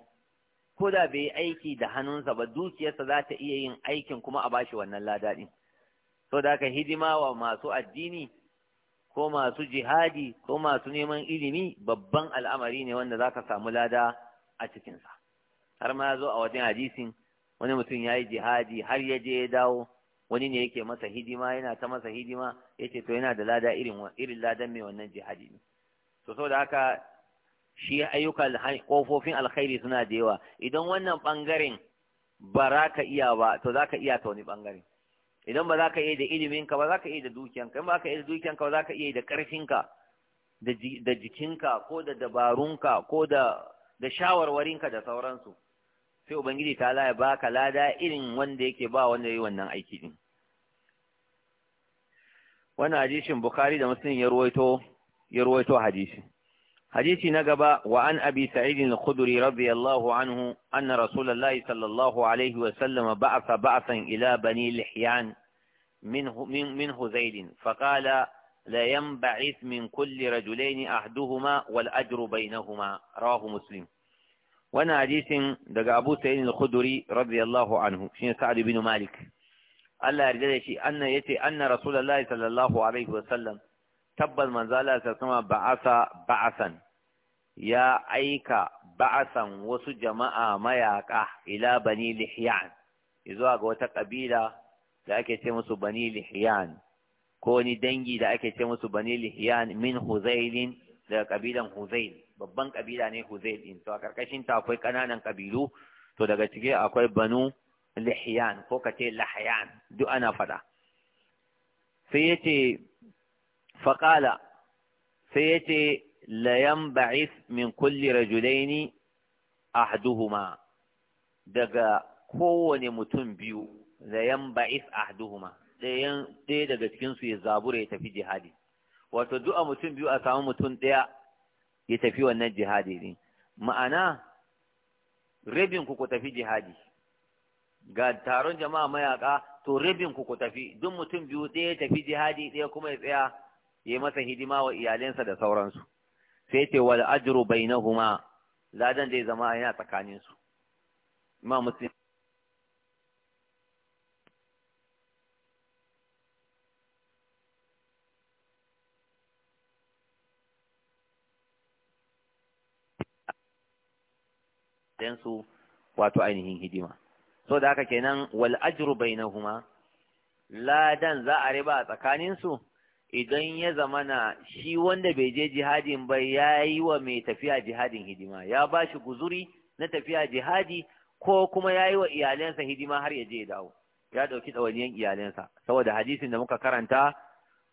A: ko da bai aiki da hannunsa ba dukiyarsa za ta iya yin aikin kuma a bashi wannan lada din so da ka hidima wa masu addini ko masu jihadi ko masu neman ilimi babban al'amari ne wanda za ka samu lada a cikinsa har ma zo a wajen hadisin wani mutum ya yi jihadi har ya je ya dawo wani ne yake masa hidima yana ta masa hidima yace to yana da lada irin irin ladan mai wannan jihadi ne to saboda haka shi ayyuka kofofin alkhairi suna da yawa idan wannan bangaren ba za ka iya ba to za ka iya ta wani bangare idan ba za ka iya da iliminka ba za ka iya da dukiyanka in ba ka iya da dukiyanka ba za ka iya da ƙarfinka da jikinka ko da dabarunka ko da da shawarwarinka da sauransu sai ubangiji ta ya baka lada irin wanda yake ba wanda yi wannan aiki din wannan hadisin bukhari da muslim ya ruwaito ya ruwaito hadisin حديث نقبة وعن أبي سعيد الخدري رضي الله عنه أن رسول الله صلى الله عليه وسلم بعث بعثا إلى بني لحيان منه, من منه زيد فقال لا ينبعث من كل رجلين أحدهما والأجر بينهما رواه مسلم وانا حديث دقى أبو سعيد الخدري رضي الله عنه شين سعد بن مالك الله يرجع شيء أن يتي أن رسول الله صلى الله عليه وسلم tabbas manzala ta sama ba'asa ba'asan ya aika ba'asan wasu jama'a mayaka ila bani lihyan zuwa ga wata kabila da ake ce musu bani lihyan ko ni dangi da ake ce musu bani lihyan min huzailin daga kabilan huzail babban kabila ne huzail din to a karkashin ta akwai kananan kabilu to daga cike akwai banu lihyan ko kace lahyan duk ana fada sai yace faƙala sai ya ce layan ba'is min kulli rajulaini ahduhuma daga kowane mutum biyu layan ba'is ɗaya daga cikinsu ya zabura ya tafi jihadi wato du'a mutum biyu a samu mutum ɗaya ya tafi wannan jihadi ne ma'ana rabin ku ku tafi jihadi ga taron jama'a mayaka to rabin ku ku tafi duk mutum biyu ɗaya ya tafi jihadi ɗaya kuma ya tsaya yi masa hidima wa iyalinsa da sauransu sai ce wal ajru bainahuma ladan dai zama yana tsakanin su imam muslim dan su wato ainihin hidima so da haka kenan wal ajru bainahuma ladan za a riba tsakanin su idan ya zamana shi wanda bai je jihadin ba ya yi wa mai tafiya jihadin hidima ya ba shi guzuri na tafiya jihadi ko kuma ya yi wa iyalensa hidima har ya je ya dawo ya ɗauki ɗawaniyan iyalensa saboda hadisin da muka karanta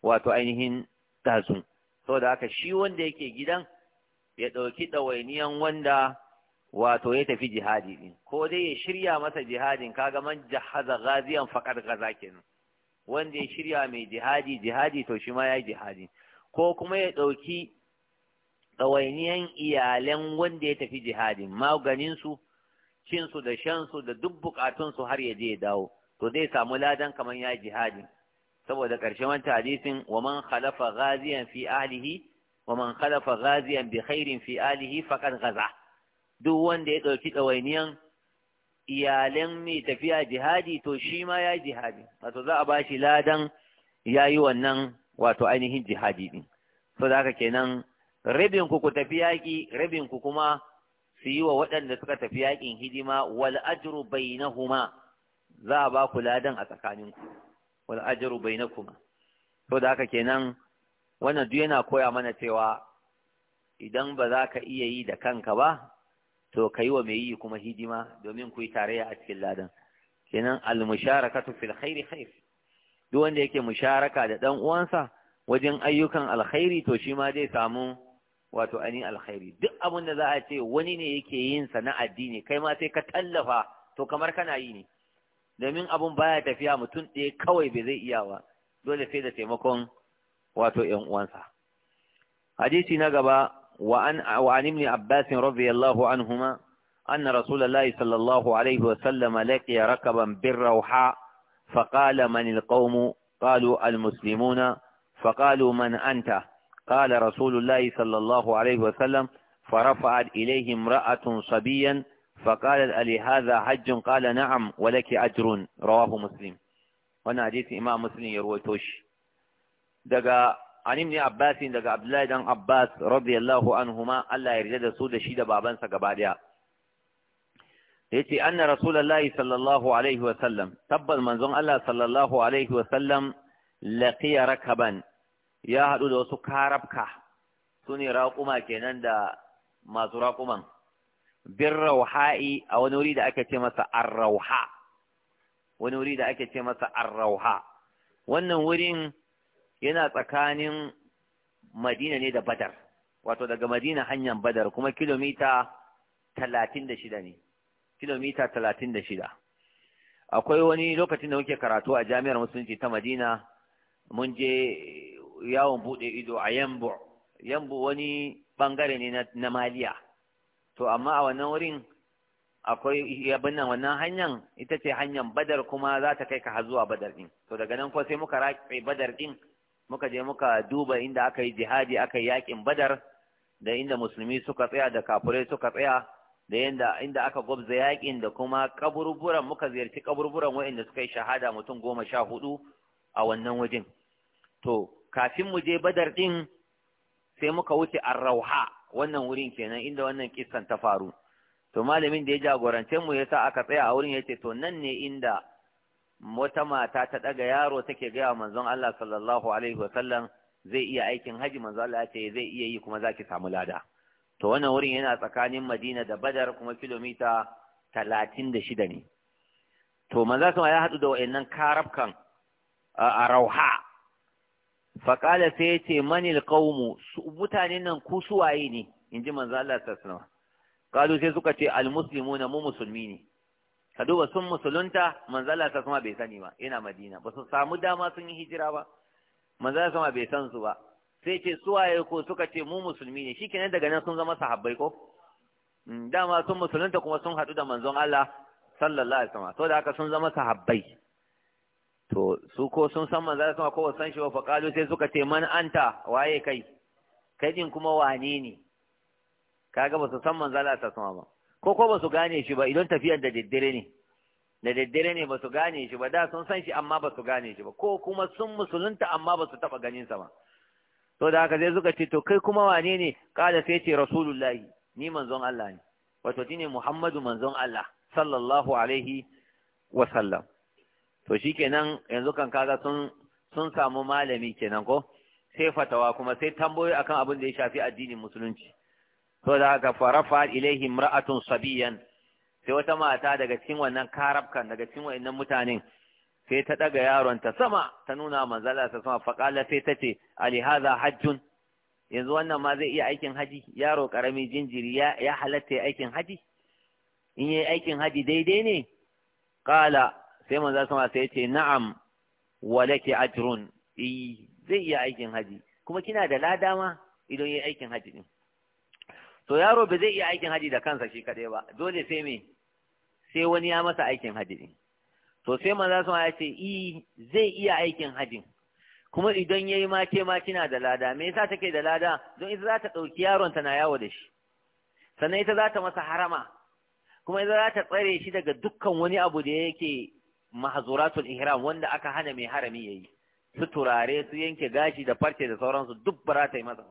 A: wato ainihin tazu saboda haka shi wanda yake gidan ya ɗauki ɗawainiyan wanda wato ya tafi jihadi ɗin ko dai ya shirya masa jihadin kaga man jahaza ghaziyan faqad ghaza kenan wanda ya shirya mai jihadi jihadi to shi ma ya yi jihadi ko kuma ya ɗauki ɗawainiyan iyalan wanda ya tafi jihadi, maganinsu cinsu da shansu da duk bukatunsu har ya je ya dawo to zai samu ladan kamar ya yi jihadi. saboda ƙarshen wani hadisin wa man khalafa ghaziyan fi ahlihi wa man khalafa ghaziyan bi khairin fi ahlihi faqad ghaza duk wanda ya ɗauki ɗawainiyan iyalan mai tafiya jihadi to shi ma ya jihadi wato za a ba shi ladan ya yi wannan wato ainihin jihadi din so da haka kenan rabin ku ku tafi yaƙi rabin ku kuma su yi wa waɗanda suka tafi yaƙin hidima wal ajru bainahuma za a ba ku ladan a tsakaninku wal ajru bainakuma so da haka kenan wannan duk yana koya mana cewa idan ba za ka iya yi da kanka ba to kai wa mai yi kuma hidima domin ku yi tarayya a cikin ladan kenan al-musharakatu fil khairi khair duk wanda yake musharaka da dan uwansa wajen ayyukan alkhairi to shi ma zai samu wato ani alkhairi duk abin da za a ce wani ne yake yin sa na addini kai ma sai ka tallafa to kamar kana yi ne domin abun baya tafiya mutum ɗaya kawai bai zai iya ba dole sai da taimakon wato ƴan uwansa hadisi na gaba وأن وعن ابن عباس رضي الله عنهما أن رسول الله صلى الله عليه وسلم لقي ركبا بالروحاء فقال من القوم قالوا المسلمون فقالوا من أنت قال رسول الله صلى الله عليه وسلم فرفعت إليه امرأة صبيا فقال ألي هذا حج قال نعم ولك أجر رواه مسلم وانا حديث إمام مسلم يرويتوش دقا an ibn Abbas daga Abdullahi dan Abbas radiyallahu anhuma Allah ya yarda da su da shi da babansa gaba daya yace anna rasulullahi sallallahu alaihi wa sallam tabbal manzon Allah sallallahu alaihi wa sallam laqiya rakaban ya hadu da wasu karabka sune raquma kenan da masu raquman bir rauha'i a wani wuri da ake ce masa ar-rauha wani wuri da ake ce masa ar-rauha wannan wurin yana tsakanin madina ne da badar wato daga madina hanyar badar kuma kilomita talatin da shida ne kilomita talatin da shida akwai wani lokacin da muke karatu a jami'ar musulunci ta madina mun je yawon buɗe ido a yambo yambo wani bangare ne na maliya to amma a wannan wurin akwai yabin nan wannan hanyar ita ce hanyar badar kuma za ta kai ka zuwa badar ɗin to daga nan ko sai muka raƙe badar ɗin muka je muka duba inda aka yi jihadi aka yi yakin badar da inda musulmi suka tsaya da kafurai suka tsaya da yanda inda aka gwabza yakin da kuma kaburburan muka ziyarci kaburburan waɗanda suka yi shahada mutum goma sha hudu a wannan wajen to kafin mu je badar din sai muka wuce arrauha wannan wurin kenan inda wannan kissan ta faru to malamin da ya jagorance mu yasa aka tsaya a wurin yace to nan ne inda wata mata ta ɗaga yaro take gaya manzon Allah sallallahu alaihi wasallam zai iya aikin haji manzon Allah ce zai iya yi kuma zaki samu lada to wannan wurin yana tsakanin Madina da Badar kuma kilomita talatin da shida ne to manzo sama ya hadu da wayannan karabkan a Rauha faqala sai yace manil qaumu mutanen nan ku suwaye ne inji manzo Allah sallallahu alaihi wasallam kalu sai suka ce almuslimuna mu musulmi ne ka duba sun musulunta manzala ta kuma bai sani ba ina madina ba su samu dama sun yi hijira ba manzala sama bai san su ba sai ce suwaye ko suka ce mu musulmi ne shikenan daga nan sun zama sahabbai ko mm, dama sun musulunta kuma sun haɗu da manzon Allah sallallahu alaihi wasallam da haka sun zama sahabbai to su ko sun san manzala sama ko san shi ba faqalu sai suka ce man anta waye kai kai din kuma wane ne kaga ba su san manzala ta sama ba ko ko ba su gane shi ba idan tafiyar da daddare ne da daddare ne ba su gane shi ba da sun san shi amma ba su gane shi ba ko kuma sun musulunta amma ba su taba ganin sa ba to da haka sai suka ce to kai kuma wane ne kada sai ce rasulullahi ni manzon Allah ne wato shine Muhammadu manzon Allah sallallahu alaihi wa sallam to shikenan yanzu kan kaga sun sun samu malami kenan ko sai fatawa kuma sai tambayoyi akan abin da ya shafi addinin musulunci to da haka farafa ilaihi imra'atun sabiyan sai wata mata daga cikin wannan karabkan daga cikin wayannan mutanen sai ta daga yaron ta sama ta nuna manzala ta sama faqala sai ta ce ali hadha hajjun yanzu wannan ma zai iya aikin haji yaro karami jinjiri ya ya halatta aikin haji in yayi aikin haji daidai ne qala sai manzala sama sai ce na'am walaki ajrun eh zai iya aikin haji kuma kina da ladama, ma idan yi aikin haji din to yaro ba zai iya aikin haji da kansa shi kaɗai ba dole sai me sai wani ya masa aikin haji din to sai manzo sun ya ce i zai iya aikin hajin kuma idan yayi ma ke ma kina da lada me yasa take da lada don ita za ta ɗauki yaron ta na yawo da shi sannan ita za ta masa harama kuma ita za ta tsare shi daga dukkan wani abu da yake mahzuratul ihram wanda aka hana mai harami yayi su turare su yanke gashi da farce da sauransu duk ba za ta yi masa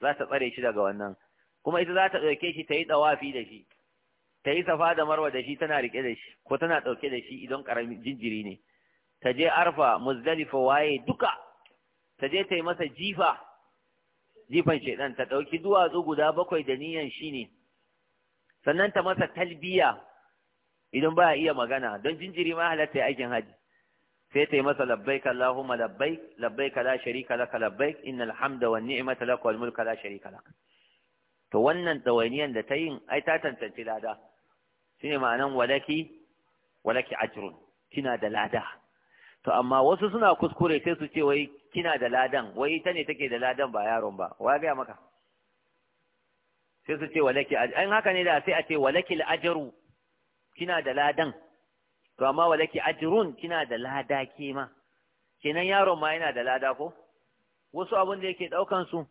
A: za ta tsare shi daga wannan kuma ita za ta ɗauke shi ta yi ɗawafi da shi ta yi safa da marwa da shi tana rike da shi ko tana ɗauke da shi idan ƙaramin jinjiri ne ta je arfa muzdalifa waye duka ta je ta yi masa jifa jifan shaidan ta ɗauki duwatsu guda bakwai da niyan shi ne sannan ta masa talbiya idan baya iya magana don jinjiri ma halatta aikin hajji. sai ta yi masa labbaik Allahumma labbaik labbaik la sharika lak labbaik innal hamda wan ni'mata lak wal mulka la sharika lak to wannan tsawainiyar da ta yin ai ta tantance lada ne ma'anan walaki walaki ajrun kina da lada to amma wasu suna kuskure sai su ce wai kina da ladan wai ita ne take da ladan ba yaron ba wa ga maka sai su ce walaki an haka ne da sai a ce walaki ajru kina da ladan to amma walaki ajrun kina da lada ke ma kenan yaron ma yana da lada ko wasu abin da yake daukan su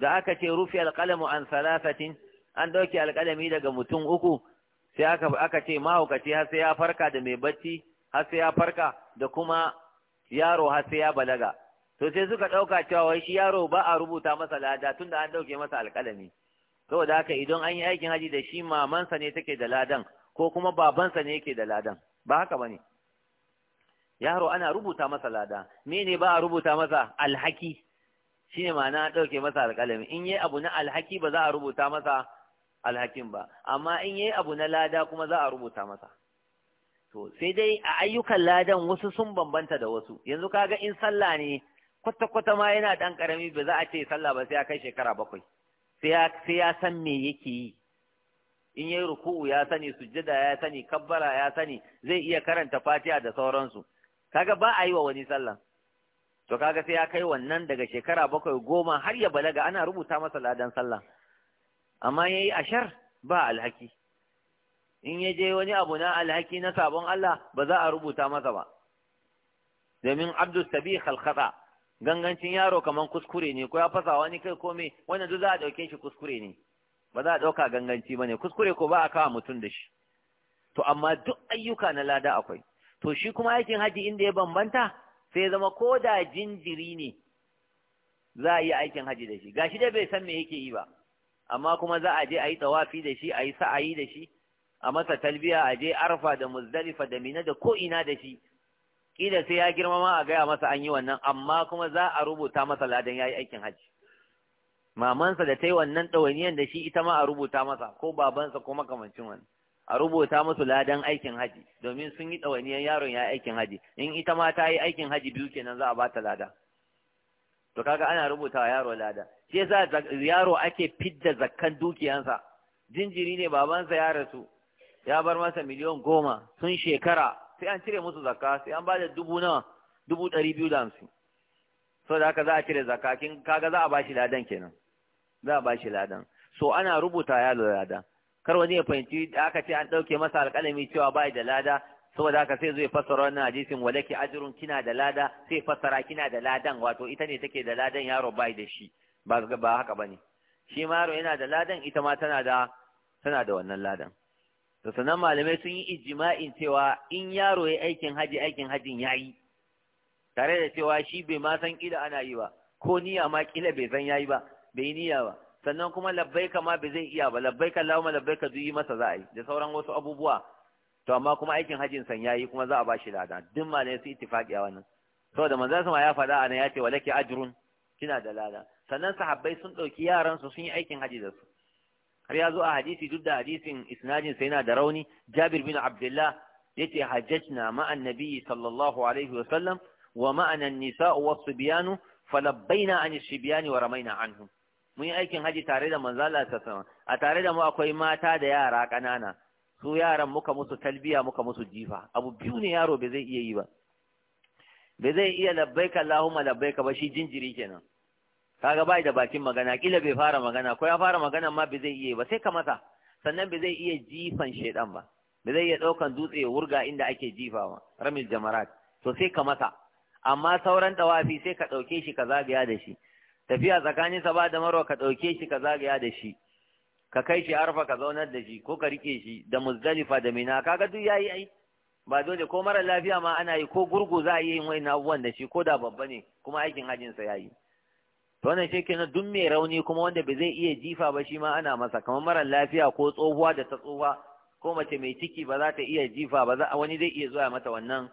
A: da aka ce rufi alƙalamu an salasatin an ɗauke alƙalami daga mutum uku sai aka ce mahaukaci har sai ya farka da mai bacci har sai ya farka da kuma yaro har sai ya balaga to sai suka ɗauka cewa wai shi yaro ba a rubuta masa lada tunda an ɗauke masa alƙalami saboda haka idan an yi aikin haji da shi mamansa ne take da ladan ko kuma babansa ne yake da ladan ba haka ba ne. yaro ana rubuta masa lada mene ba a rubuta masa alhaki shine ma'ana ɗauke masa alƙalami in yi abu na alhaki ba za a rubuta masa alhakin ba amma in yi abu na lada kuma za a rubuta masa to sai dai a ayyukan ladan wasu sun bambanta da wasu yanzu kaga in sallah ne kwata-kwata ma yana ɗan ƙarami ba za a ce sallah ba sai ya kai shekara bakwai sai ya san me yake yi in yi ruku'u ya sani sujjada ya sani kabbara ya sani zai iya karanta fatiha da sauransu kaga ba a yi wa wani sallah to kaga sai ya kai wannan daga shekara bakwai goma har ya balaga ana rubuta masa ladan sallah amma ya yi ashar ba alhaki in ya je wani abu na alhaki na sabon Allah ba za a rubuta masa ba domin abdus sabi khalkhata gangancin yaro kamar kuskure ne ko ya fasa wani kai ko me wannan duk za a dauke shi kuskure ne ba za a dauka ganganci bane kuskure ko ba a kawo mutum da shi to amma duk ayyuka na lada akwai to shi kuma aikin haji inda ya bambanta sai zama ko da jinjiri ne za a yi aikin haji da shi Ga shi dai bai san me yake yi ba amma kuma za a je a yi tawafi da shi a yi sa'ayi da shi a masa talbiya a je arfa da muzdalifa da mina da ko ina da shi kila sai ya girmama a gaya masa an yi wannan amma kuma za a rubuta masa ladan ya yi aikin haji mamansa da ta yi wannan ɗawainiyan da shi ita ma a rubuta masa ko babansa ko makamancin wannan a rubuta musu ladan aikin haji domin sun yi ɗawainiyar yaron ya aikin haji in ita ma ta yi aikin haji biyu kenan za a ba ta lada to kaga ana rubuta wa yaro lada shi yasa yaro ake fidda zakkan dukiyansa jinjiri ne babansa ya rasu ya bar masa miliyon goma sun shekara sai an cire musu zakka sai an ba da dubu nawa dubu ɗari biyu da hamsin so da haka za a cire zakka kin kaga za a ba shi ladan kenan za a ba shi ladan so ana rubuta yaro ladan. kar wani ya fahimci aka ce an ɗauke masa alƙalami cewa ba da lada saboda haka sai zai fassara wannan hadisin walaki ajrun kina da lada sai fassara kina da ladan wato ita ne take da ladan yaro bai da shi ba ba haka bane shi ma yaro yana da ladan ita ma tana da tana da wannan ladan to sanan malamai sun yi ijma'in cewa in yaro yayi aikin haji aikin hajin yayi tare da cewa shi bai ma san kila ana yi ba ko niyya ma kila bai san yayi ba bai niyya ba sannan kuma labbaika ma bai zai iya ba labbaika Allahumma labbaika duk yi masa za a yi da sauran wasu abubuwa to amma kuma aikin hajjin san yayi kuma za a shi lada duk malai su ittifaqi a wannan saboda manzo sama ya faɗa ana ya ce walaki ajrun kina da lada sannan sahabbai sun ɗauki yaran su sun yi aikin haji da su har ya zo a hadisi duk da hadisin isnadin sai yana da rauni Jabir bin Abdullah yace hajjajna ma'an nabiyyi sallallahu alaihi wa sallam wa ma'ana an-nisa'u was-sibyanu falabbaina an-shibyani wa ramaina anhum mun yi aikin haji tare da manzo Allah sama a tare da mu akwai mata da yara ƙanana su yaran muka musu talbiya muka musu jifa abu biyu ne yaro bai zai iya yi ba bai zai iya labbaika Allahumma labbaika ba shi jinjiri kenan kaga bai da bakin magana kila bai fara magana ko ya fara magana ma bai zai iya ba sai ka masa sannan bai zai iya jifan shedan ba bai zai iya daukan dutse wurga inda ake jifawa ramil jamarat to sai ka masa amma sauran tawafi sai ka dauke shi ka zagaya da shi tafiya tsakanin sa ba da marwa ka ɗauke shi ka zagaya da shi ka kai shi arfa ka zaunar da shi ko ka rike shi da muzdalifa da mina kaga duk yayi ai ba dole ko mara lafiya ma ana yi ko gurgu za a yi yin wani abubuwan da shi ko da babba ne kuma aikin hajinsa sa yayi to wannan shi na duk mai rauni kuma wanda ba zai iya jifa ba shi ma ana masa kamar mara lafiya ko tsohuwa da ta tsohuwa ko mace mai ciki ba za ta iya jifa ba za wani zai iya zuwa mata wannan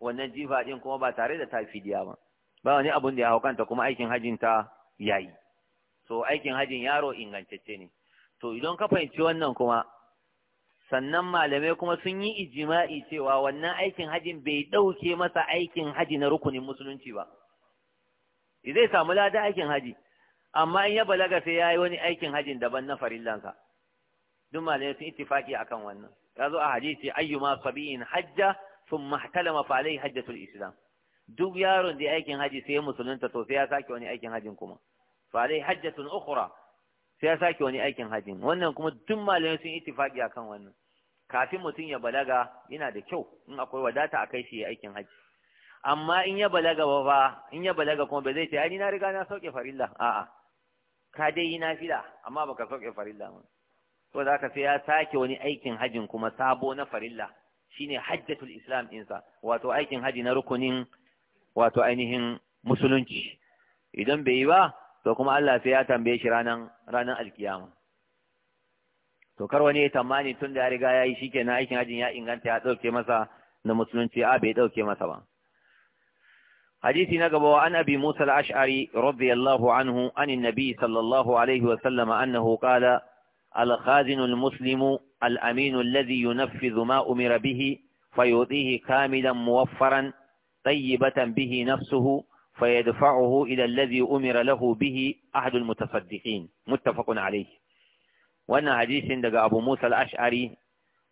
A: wannan jifa din kuma ba tare da ta fidiya ba ba wani abun da ya hau kanta kuma aikin hajin ta yayi so aikin hajin yaro ingantacce ne to idan ka fahimci wannan kuma sannan malamai kuma sun yi ijima'i cewa wannan aikin hajin bai ɗauke masa aikin haji na rukunin musulunci ba zai samu lada aikin haji amma in ya balaga sai ya yi wani aikin hajin daban na farillansa duk malamai sun ittifaki akan wannan ya zo a hadisi ayyuma sabi'in hajja sun mahtalama falai hajjatul islam duk yaron da aikin haji sai musulunta to sai ya sake wani aikin hajin kuma fa dai hajjatun ukhra sai ya sake wani aikin hajin wannan kuma duk malamai sun ittifaqi akan wannan kafin mutum ya balaga yana da kyau in akwai wadata a kai shi ya aikin haji amma in ya balaga ba ba in ya balaga kuma ba zai ce ai na riga na sauke farilla a'a ka dai yi nafila amma baka sauke farilla ba to zaka sai ya sake wani aikin hajin kuma sabo na farilla shine hajjatul islam insa wato aikin haji na rukunin wato ainihin musulunci idan bai yi ba to kuma Allah sai ya tambaye shi ranan ranan alkiyama to kar wani ya tamani tun da ya riga ya yi shikenan aikin ajin ya inganta ya dauke masa na musulunci a bai dauke masa ba حديث na عن أبي موسى الأشعري رضي الله عنه عن النبي صلى الله عليه وسلم أنه قال الخازن المسلم الأمين الذي ينفذ ما أمر به كاملا موفرا طيبة به نفسه فيدفعه إلى الذي أمر له به أحد المتصدقين متفق عليه وأن حديث دقى أبو موسى الأشعري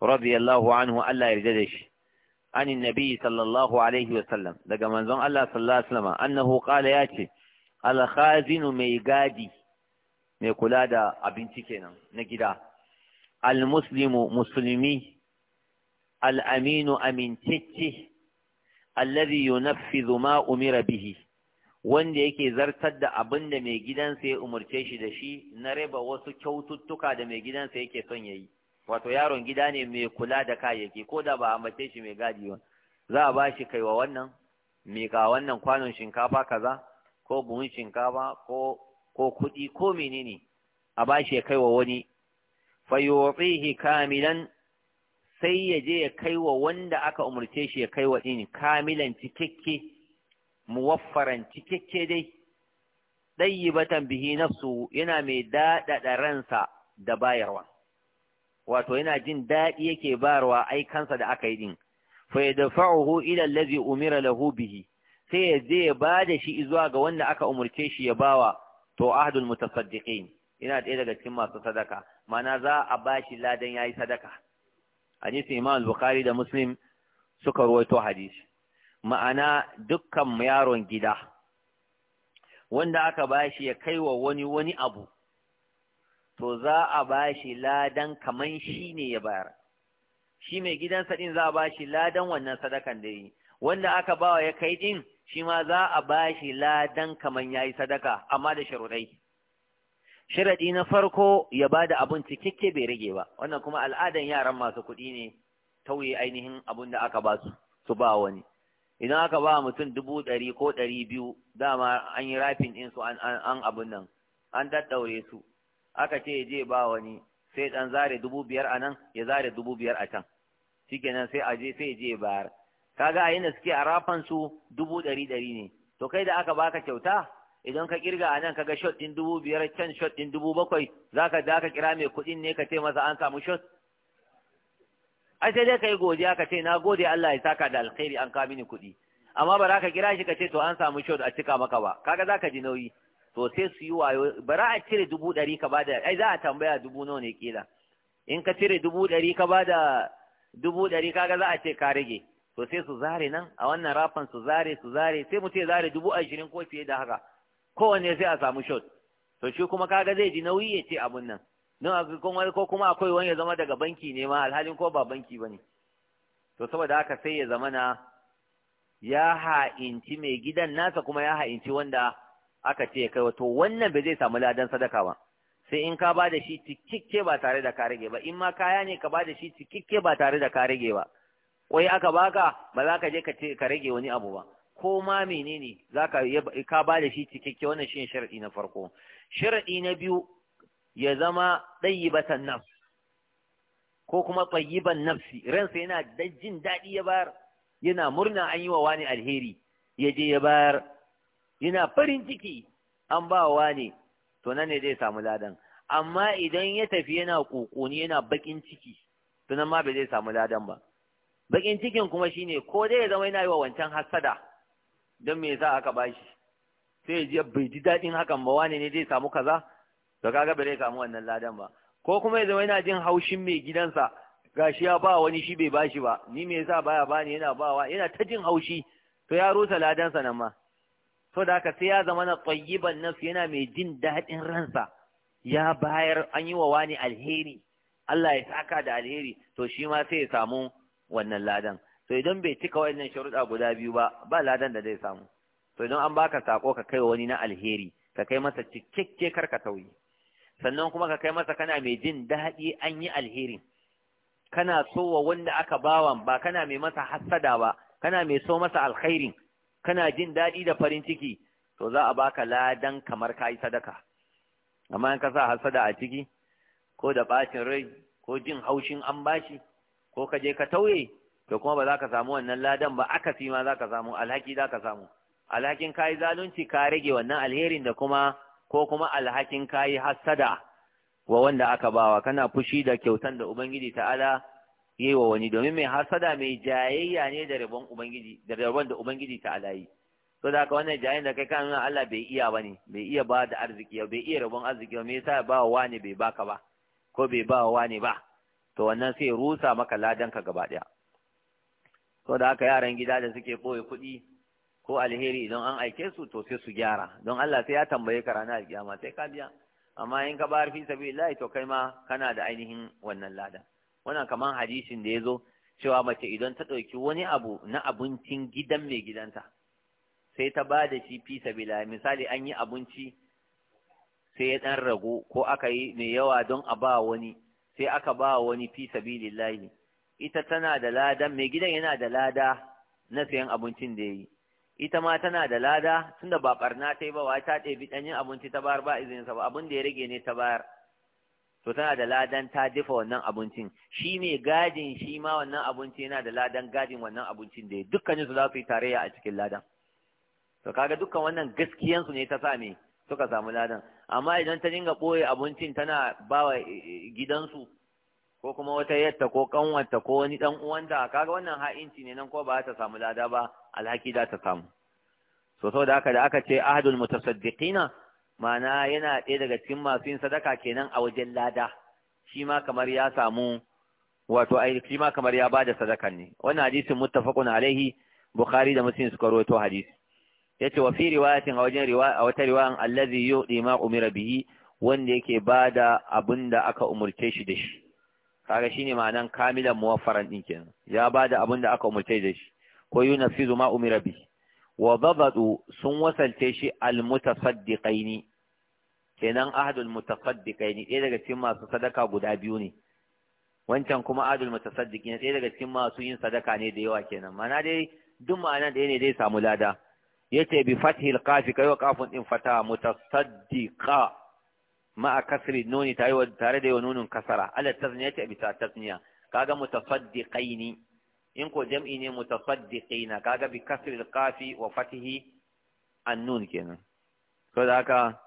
A: رضي الله عنه ألا يرددش عن النبي صلى الله عليه وسلم دقى منزون الله صلى الله عليه وسلم أنه قال ياتي الخازن ميقادي ميقولا دا أبنتكنا نجدا المسلم مسلمي الأمين أمين تتي allazi yunaffizu ma umira bihi wanda yake zartar da abinda mai gidansa ya umarce shi da shi na raba wasu kyaututtuka da mai gidansa yake son yayi wato yaron gida ne mai kula da kayayyaki ko da ba a mace shi mai gadi ba za a ba shi wa wannan ga wannan kwanon shinkafa kaza ko buhun shinkafa ko ko kuɗi ko menene a ba shi ya kaiwa wani fayu'tihi kamilan sai ya je ya kai wa wanda aka umarce shi ya kai wa ɗin kamilan cikakke muwaffaran cikakke dai ɗayyibatan bihi su yana mai daɗaɗa ransa da bayarwa wato yana jin daɗi yake bayarwa ai kansa da aka yi ɗin fa ya dafa'uhu ila allazi umira lahu bihi sai ya je ya ba da shi zuwa ga wanda aka umarce shi ya bawa to ahdul mutasaddiqin yana ɗaya daga cikin masu sadaka mana za a ba shi ladan yayi sadaka hadisi imam al-bukhari da muslim suka ruwaito hadisi ma'ana dukkan yaron gida wanda aka bashi ya kaiwa wani wani abu to za a bashi ladan kaman shi ya bayar shi mai gidansa din za a bashi ladan wannan sadakan da yi wanda aka bawa ya kai din shi ma za a bashi ladan kaman yayi sadaka amma da sharuɗai sharadi na farko ya bada abun cikakke bai rage ba wannan kuma al'adan yaran masu kuɗi ne tauye ainihin abun da aka ba su su ba wani idan aka ba mutum dubu ɗari ko ɗari biyu dama an yi rafin ɗin su an abun nan an daddaure su aka ce je ba wani sai ɗan zare dubu biyar a nan ya zare dubu biyar a can shikenan sai a je sai je bayar kaga a yanda suke a rafan su dubu ɗari ɗari ne to kai da aka baka kyauta idan ka kirga anan kaga shot din dubu biyar can shot din dubu bakwai zaka da ka kira mai kuɗin ne ka ce masa an samu shot ai sai dai kai godiya ka ce na gode Allah ya saka da alkhairi an kawo mini kuɗi amma ba za ka kira shi ka ce to an samu shot a cika maka ba kaga za ka ji nauyi to sai su yi wayo ba za a cire dubu ɗari ka bada ai za a tambaya dubu nawa ne kila in ka cire dubu ɗari ka bada dubu ɗari kaga za a ce ka rage to sai su zare nan a wannan rafan su zare su zare sai mu ce zare dubu ashirin ko fiye da haka kowanne sai a samu shot to shi kuma kaga zai ji nauyi ya ce abun nan don ko kuma akwai wani ya zama daga banki ne ma alhalin ko ba banki ba ne to saboda haka sai ya zama na ya ha'inci mai gidan nasa kuma ya ha'inci wanda aka ce ya kaiwa, to wannan ba zai samu ladan sadaka ba sai in ka ba da shi cikakke ba tare da ka rage ba in ma kaya ne ka ba da shi cikakke ba tare da ka rage ba wai aka baka ba za ka je ka rage wani abu ba ko ma menene zaka ka ba da shi cikakke wannan shine sharadi na farko sharadi na biyu ya zama dayyibatan nafs ko kuma tayyiban nafsi ransa yana da jin daɗi ya bayar yana murna an yi wa wani alheri ya je ya bayar yana farin ciki an ba wani to nan ne zai samu ladan amma idan ya tafi yana kokoni yana bakin ciki to nan ma bai zai samu ladan ba Baƙin cikin kuma shine ko dai ya zama yana yi wa wancan hasada don me yasa aka bashi sai ya bai ji daɗin hakan ba wane ne zai samu kaza to kaga bai zai samu wannan ladan ba ko kuma ya zama yana jin haushin mai gidansa gashi ya ba wani shi bai bashi ba ni me yasa baya bani yana bawa yana ta jin haushi to ya rusa ladansa nan ma to da haka sai ya zama na tsayyiban nafsi yana mai jin daɗin ransa ya bayar an yi wa wani alheri Allah ya saka da alheri to shi ma sai ya samu wannan ladan to idan bai cika wayannan sharuɗa guda biyu ba ba ladan da zai samu to idan an baka sako ka kai wani na alheri ka kai masa cikakke kar ka tauye sannan kuma ka kai masa kana mai jin daɗi an yi alherin kana so wa wanda aka bawa ba kana mai masa hassada ba kana mai so masa alkhairin kana jin daɗi da farin ciki to za a baka ladan kamar ka yi sadaka amma in ka sa hassada a ciki ko da ɓacin rai ko jin haushin an bashi ko ka je ka tauye to kuma ba za ka samu wannan ladan ba aka fi ma za ka samu alhaki za ka samu alhakin kayi zalunci ka rage wannan alherin da kuma ko kuma alhakin kayi hasada wa wanda aka bawa kana fushi da kyautan da ubangiji ta'ala yayi wa wani domin mai hasada mai jayayya ne da rabon ubangiji da rabon da ubangiji ta'ala yi to da wannan jayayyan da kai kana Allah bai iya bane bai iya ba da arziki bai iya rabon arziki me yasa ba wa wani bai baka ba ko bai ba wa wani ba to wannan sai rusa maka ladan ka gaba daya ko da haka yaran gida da suke ɓoye kuɗi ko alheri idan an aike su to sai su gyara don Allah sai ya tambaye ka ranar alkiyama sai ka biya amma in ka bayar fi sabilillahi to kai ma kana da ainihin wannan ladan. wannan kaman hadisin da ya zo cewa mace idan ta ɗauki wani abu na abincin gidan mai gidanta sai ta ba da shi fi sabilillahi misali an yi abinci sai ya ɗan rago ko aka yi mai yawa don a ba wani sai aka ba wani fi sabilillahi ita tana da lada mai gidan yana da lada na sayan abincin da ya yi ita ma tana da lada tunda ba barna ta yi ba wai ta ɗebi ɗanyen abinci ta bayar ba izinin sa ba abin da ya rage ne ta bayar to tana da ladan ta dafa wannan abincin shi mai gadin shi ma wannan abinci yana da ladan gadin wannan abincin da ya dukkanin su za su yi tarayya a cikin ladan to kaga dukkan wannan gaskiyan su ne ta sa me suka samu ladan amma idan ta dinga ɓoye abincin tana bawa eh, gidansu ko kuma wata yatta ko kanwanta ko wani dan uwanta kaga wannan ha'inci ne nan ko ba ta samu lada ba alhaki da ta samu so saboda haka da aka ce ahadul mutasaddiqina ma'ana yana ɗaya daga cikin masu yin sadaka kenan a wajen lada shi ma kamar ya samu wato ai shi ma kamar ya bada sadakan ne wannan hadisin muttafaqun alaihi bukhari da muslim suka rawaito hadisi yace wa fi riwayatin a wajen riwaya wata riwayan allazi yu'ti ma umira bihi wanda yake bada abinda aka umurce shi da shi kaga shine ma'anan kamilan muwaffaran din kenan ya bada abin da aka umurce da shi ko yunafizu ma umira bi wa dabadu sun wasalte shi al mutasaddiqaini kenan ahadul mutasaddiqaini dai daga cikin masu sadaka guda biyu ne wancan kuma ahadul mutasaddiqin dai daga cikin masu yin sadaka ne da yawa kenan mana dai duk ma'ana da ne dai samu lada yace bi fathil qafi kai wa qafun din fata mutasaddiqa ma'a kasri nuni tare da yawa nunin kasara ala tasniya ta bisa tasniya kaga mutafaddiqaini in ko jam'i ne mutafaddiqina kaga bi kasri alqafi wa fatihi annun kenan to da haka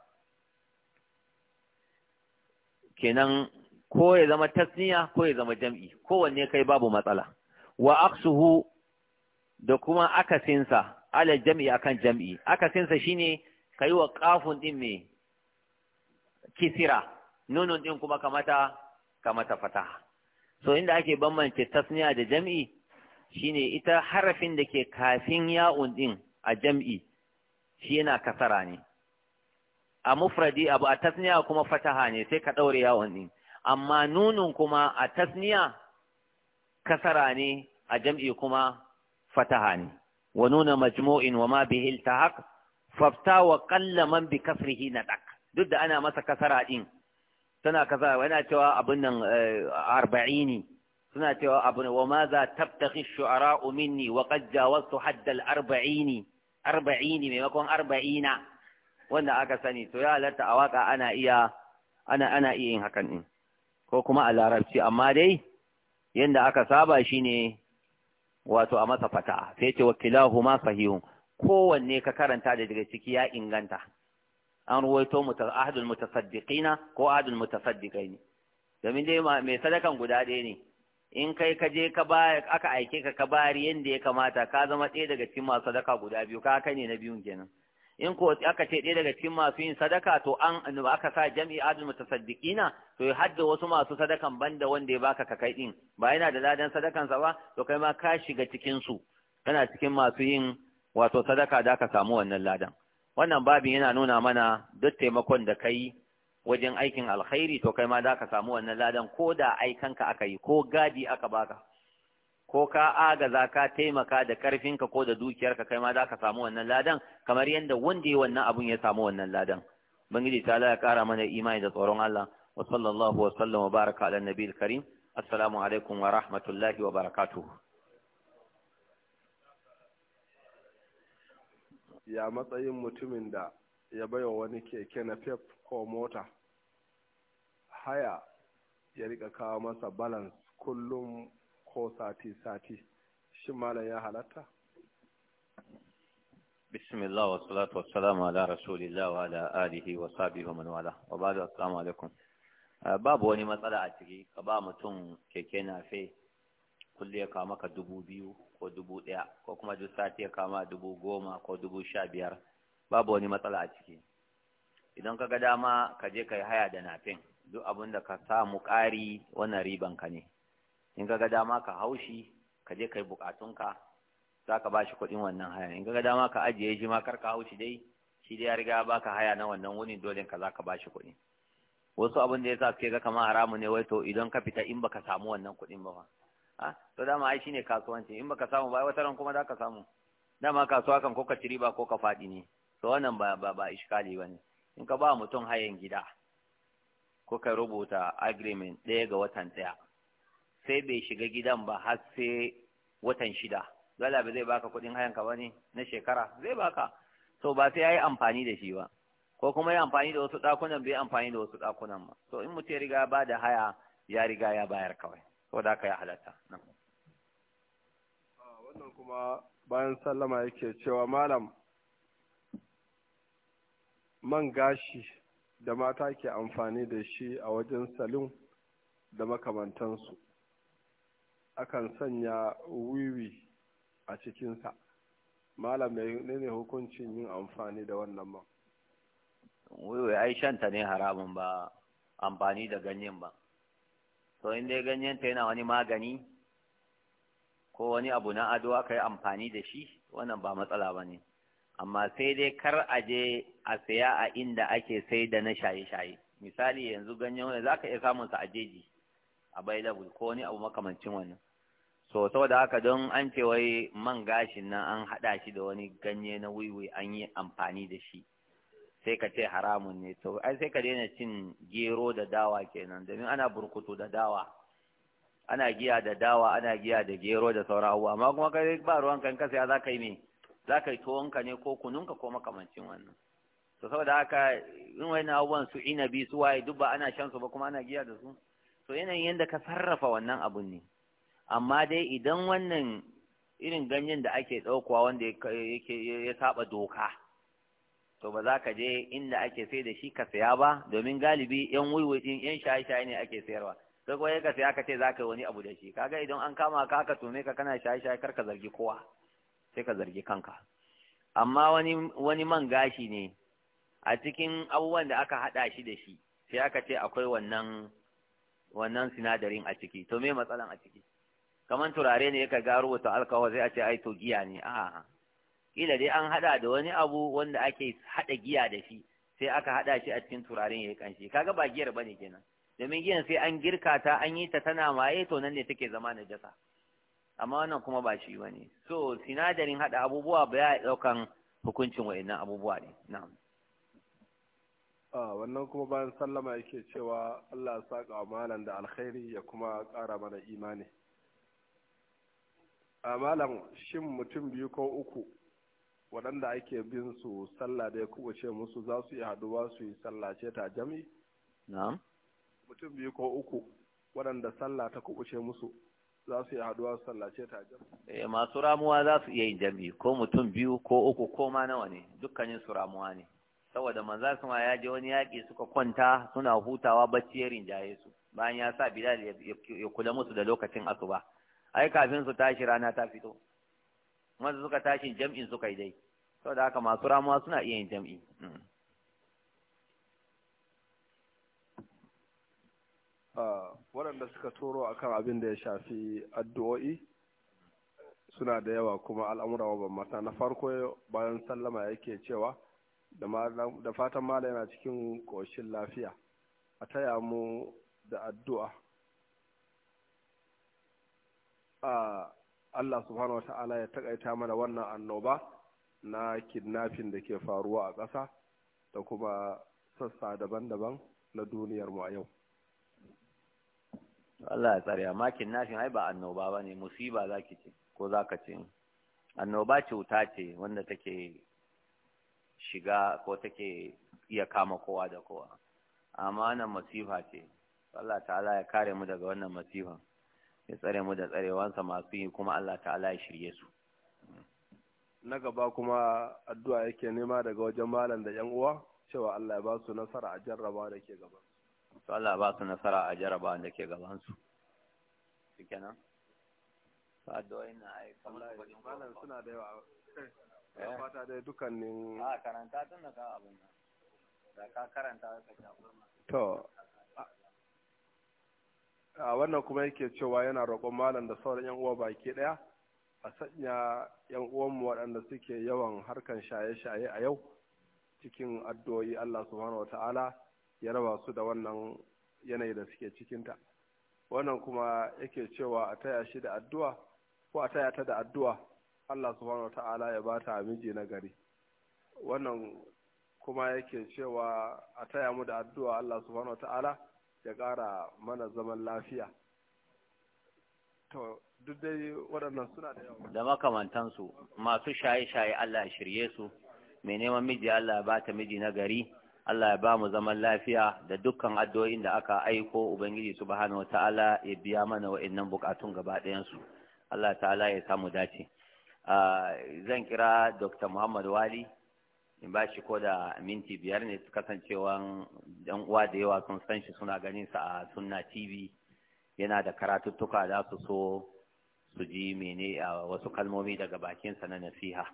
A: kenan ko ya zama tasniya ko ya zama jam'i kowanne kai babu matsala wa aqsuhu da kuma akasinsa ala jam'i akan jam'i akasinsa shine kai wa qafun din me kisira nunun din kuma kamata kamata fataha so inda ake bambance tasniya da jam'i shine ita harafin da ke kafin ya'un din a jam'i shi yana kasara ne a mufradi abu a tasniya kuma fataha ne sai ka ɗaure yawon ɗin amma nunun kuma a tasniya kasara ne a jam'i kuma fataha ne wa nuna majmu'in wa ma bihil iltahaq fafta wa qalla man bi kasrihi nadak duk da ana masa kasara din tana kaza yana cewa abin nan eh, arba'ini suna cewa wa ma za tabtaghi shu'ara'u minni wa qad maimakon arba'ina wanda aka sani to ya halarta a waka ana iya ana ana iya yin hakan din ko kuma a larabci amma dai yanda aka saba shine wato a masa fata sai ce ma sahihun kowanne ka karanta da daga ciki ya inganta an ruwaito ahadul mutasaddiqina ko ahadul mutasaddiqaini domin dai mai sadakan guda ɗaya ne in kai ka je ka aka aike ka ka bari yanda ya kamata ka zama ɗaya daga cikin masu sadaka guda biyu ka kai ne na biyun kenan in ko aka ce ɗaya daga cikin masu yin sadaka to an aka sa jami'i ahadul mutasaddiqina to ya hadda wasu masu sadakan banda wanda ya baka ka kai din ba yana da ladan sadakan sa ba to kai ma ka shiga cikin su kana cikin masu yin wato sadaka da ka samu wannan ladan wannan babin yana nuna mana duk taimakon da kai wajen aikin alkhairi to kai ma za ka samu wannan ladan ko da aikanka aka yi ko gadi aka baka ko ka agaza ka taimaka da karfinka ko da dukiyarka kai ma za ka samu wannan ladan kamar yadda wanda ya wannan abun ya samu wannan ladan bangiji ta ya kara mana imani da tsoron Allah wa sallallahu wa sallam wa baraka ala nabiyil karim assalamu alaikum wa rahmatullahi wa barakatuh
B: ya matsayin mutumin da ya baiwa wani keke na pep ko mota haya ya rika kawo masa balance kullum ko sati-sati shi malam ya halatta
A: bismillah wa salatu wa salamu ala rasulillah wa ala alihi wa sabi wa manwala wa ba da asalamu alaikum babu wani matsala a ciki ka ba mutum keke na fe kulle ya kawo maka dubu biyu ko dubu ɗaya ko kuma duk sati ya kama dubu goma ko dubu sha biyar babu wani matsala a ciki idan ka ga dama ka je ka yi haya da nafin duk abin da ka mu ƙari wannan riban ka ne in ka ga dama ka haushi ka je ka yi buƙatunka za ka ba shi kuɗin wannan haya in ka ga dama ka ajiye shi ma kar ka haushi dai shi dai ya riga ba ka haya na wannan wuni dole ka za ka ba shi kuɗi wasu abin da ya sa suke ga kamar haramu ne wai to idan ka fita in baka samu wannan kuɗin ba a ah, to dama ai shine kasuwanci in baka samu ba wata ran kuma za ka samu dama kasuwa kan ko ka ciri ba ko ka faɗi ne to wannan ba ba ba iskali bane in ka ba mutum hayan gida ko ka rubuta agreement ɗaya ga watan ɗaya sai bai shiga gidan ba har sai watan shida dole ba zai baka kuɗin hayan ka bane na shekara zai baka to ba sai yayi amfani da shi ba ko kuma yi amfani da wasu ɗakunan bai amfani da wasu dakunan ba to in mutum ya riga ba da haya ya riga ya bayar kawai
B: saboda haka ya halatta wannan kuma bayan sallama yake cewa malam man gashi da mata ke amfani da shi a wajen salon da makamantansu akan sanya wiwi a cikinsa malam ne ne hukuncin yin amfani da wannan man wiwi ai
A: shanta ne haramun ba amfani da ganyen ba to in dai ganyenta yana wani magani ko wani abu na ado aka yi amfani da shi wannan ba matsala ba ne amma sai dai kar a je a saya a inda ake sai da na shaye-shaye misali yanzu ganyen wani za ka iya samun sa a jeji a bailabul ko wani abu makamancin wani. so saboda haka don an ce wai man gashin nan an haɗa shi da wani ganye na wiwi an yi amfani da shi sai ka ce haramun ne to ai sai ka daina cin gero da dawa kenan domin ana burkutu da dawa ana giya da dawa ana giya da gero da sauran abubuwa amma kuma kai ba ruwan kan kasa za ka yi me za ka yi tuwonka ne ko kununka ko makamancin wannan to saboda haka in wani abubuwan su inabi su waye duk ba ana shan su ba kuma ana giya da su to yanayin yadda ka sarrafa wannan abun ne amma dai idan wannan irin ganyen da ake ɗaukowa wanda ya saba doka to ba za ka je inda ake sai da shi ka saya ba domin galibi yan waiwaitsin yan shaye-shaye ne ake sayarwa sai kuma ka saya ka ce za ka yi wani abu da shi kaga idan an kama ka ka tume ka kana shaye-shaye kar ka zargi kowa sai ka zargi kanka amma wani wani man gashi ne a cikin abubuwan da aka haɗa shi da shi sai aka ce akwai wannan wannan sinadarin a ciki to me matsalan a ciki kamar turare ne ka ga rubuta alkawa sai a ce ai to giya ne a'a kila dai an hada da wani abu wanda ake hada giya da shi sai aka hada shi a cikin turaren yi kanshi kaga ba giyar bane kenan domin giyan sai an girka ta an yi ta tana maye to nan ne take zama jasa amma wannan kuma ba shi bane so sinadarin hada abubuwa ba ya daukan hukuncin wayannan abubuwa ne na'am
B: a wannan kuma bayan sallama yake cewa Allah ya saka malam da alkhairi ya kuma kara mana imani a malam shin mutum biyu ko uku waɗanda ake bin su sallah da ya kubuce musu za su yi haduwa su yi sallah ce ta jami na'am mutum biyu ko uku waɗanda sallah ta kubuce musu za su yi haduwa su ce ta jami
A: eh, masu ramuwa za su iya yin jami ko mutum biyu ko uku ko ma nawa ne dukkanin su ramuwa ne saboda manzo kuma ya je wani yaƙi suka kwanta suna hutawa bacci ya rinjaye su bayan ya sa Bilal ya kula musu da lokacin asuba ai kafin su tashi rana ta fito wanda suka tashi jam'in suka yi dai saboda haka masu ramuwa suna iya yin jam'i
B: ah, waɗanda suka toro kan abin da ya shafi addu'o'i suna da yawa kuma al'amura wa mata na farko bayan sallama yake cewa da fatan mala yana cikin ƙoshin lafiya a taya mu da addu'a ah, Allah subhanahu ta'ala ya takaita mana wannan annoba na kidnafin da ke faruwa a ƙasa da kuma sassa daban-daban na duniyar a yau Allah ya tsare amma
A: kidnafin ai ba annoba ba ne, musiba za ki ce ko za ka ce annoba cuta ce wanda take shiga ko take iya kama kowa da kowa amma nan masifa ce Allah ta'ala ya kare mu daga wannan masifan ya tsare mu da tsarewansa masu yi kuma Allah ta'ala ya shirye su
C: na
B: gaba kuma addu'a yake nema daga wajen malam da yan uwa cewa Allah ya ba su nasara a jarraba da ke gaban
A: su Allah ba su nasara a jarraba da ke gaban su shikenan addu'o'in na ai malam suna da yawa
B: ya eh? fata dukkanin a
A: karanta tun da ka nan da ka karanta ka
B: to a wannan kuma yake cewa yana roƙon malam da sauran yan uwa baki ɗaya a sanya yan uwanmu waɗanda suke yawan harkan shaye-shaye a yau cikin addu'o'i Allah subhanahu wata'ala ya raba su da wannan yanayi da suke cikinta wannan kuma yake cewa a taya shi da addu'a ko a taya ta da addu'a Allah subhanahu wata'ala ya ba ta miji na gari wannan kuma yake cewa a taya mu da addu'a Allah subhanahu wata'ala ya ƙara mana zaman lafiya to duk dai waɗannan suna da yawa
A: da makamantansu masu shaye-shaye Allah ya shirye su mai neman miji Allah ya bata miji na gari Allah ya ba mu zaman lafiya da dukkan addu'o'in da aka aiko ubangiji subhanahu wataala ya biya mana wa'annan bukatun gaba ɗayansu Allah ta'ala ya samu dace ah, zan kira Dr. Muhammad Wali in ba shi ko da minti biyar ne su kasancewan yan uwa da yawa sun san shi suna ganin sa a sunna tv yana da karatuttuka za su so su ji mene a wasu kalmomi daga bakinsa na nasiha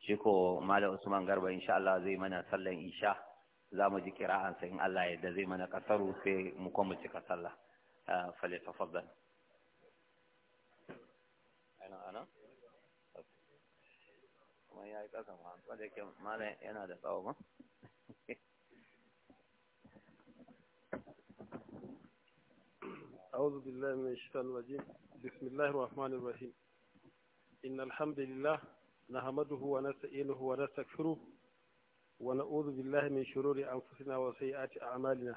A: shi ko malam usman garba insha Allah zai mana sallan isha za mu ji kira'ansa in Allah yadda zai mana kasaru sai mu kuma cika sallah tafaddal ana ana ya yi da malam yana da tsawo
C: أعوذ بالله من الشيطان الرجيم بسم الله الرحمن الرحيم إن الحمد لله نحمده ونستعينه ونستغفره ونعوذ بالله من شرور أنفسنا وسيئات أعمالنا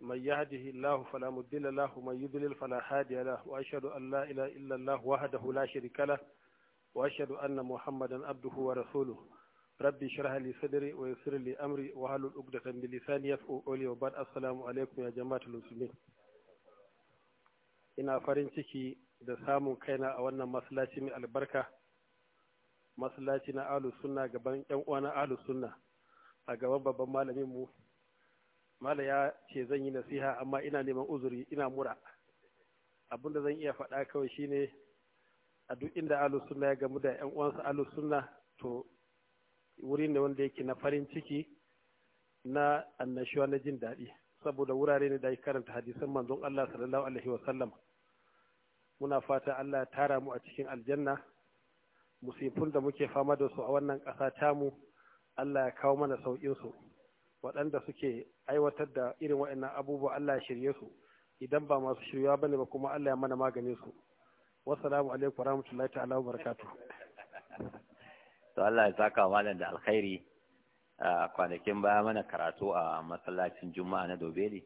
C: من يهده الله فلا مضل له ومن يضلل فلا هادي له وأشهد أن لا إله إلا الله وحده لا شريك له وأشهد أن محمدا عبده ورسوله ربي اشرح لي صدري ويسر لي أمري وهل عقدة من لساني يفقهوا قولي وبعد السلام عليكم يا جماعة المسلمين ina farin ciki da samun kaina a wannan masallaci mai albarka masallaci na alu sunna gaban yan uwa na alu sunna a gaban babban malamin mu mala ya ce zan yi nasiha amma ina neman uzuri ina mura abinda zan iya faɗa kawai shine a duk inda alusunna ya gamu da yan uwansa alusunna to wuri ne wanda yake na farin ciki na annashuwa na jin daɗi saboda wurare ne da ake karanta hadisan manzon Allah sallallahu alaihi wa sallam muna fata Allah ya tara mu a cikin aljanna musifun da muke fama da su a wannan ƙasa mu, Allah ya kawo mana sauƙin su waɗanda suke aiwatar da irin waɗannan abubuwa Allah ya shirye su idan ba masu shirya bane ba kuma Allah ya mana maganin su wasalamu alaikum wa rahmatullahi ta'ala wa barakatuh
A: (laughs) to Allah ya saka malam da alkhairi kwanakin baya mana karatu a masallacin juma'a na dobeli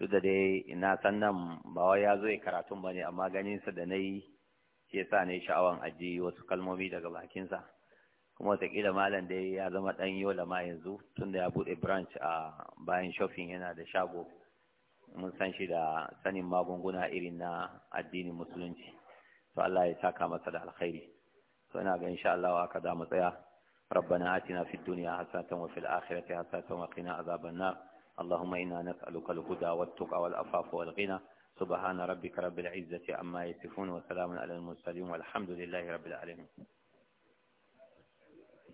A: duk da dai na san nan ba wai ya zo ya karatun bane amma ganin sa da nayi ke sa ne sha'awan aji wasu kalmomi daga bakinsa. sa kuma wataƙila malam dai ya zama ɗan yola ma yanzu da ya buɗe branch a bayan shopping yana da shago mun san shi da sanin magunguna irin na addinin musulunci to Allah ya saka masa da alkhairi to ina ga insha Allah haka za mu tsaya ربنا آتنا في الدنيا حسنة وفي الآخرة حسنة وقنا عذاب النار اللهم إنا نسألك الهدى والتقى والعفاف والغنى سبحان ربك رب العزة عما يصفون وسلام على المرسلين والحمد لله رب العالمين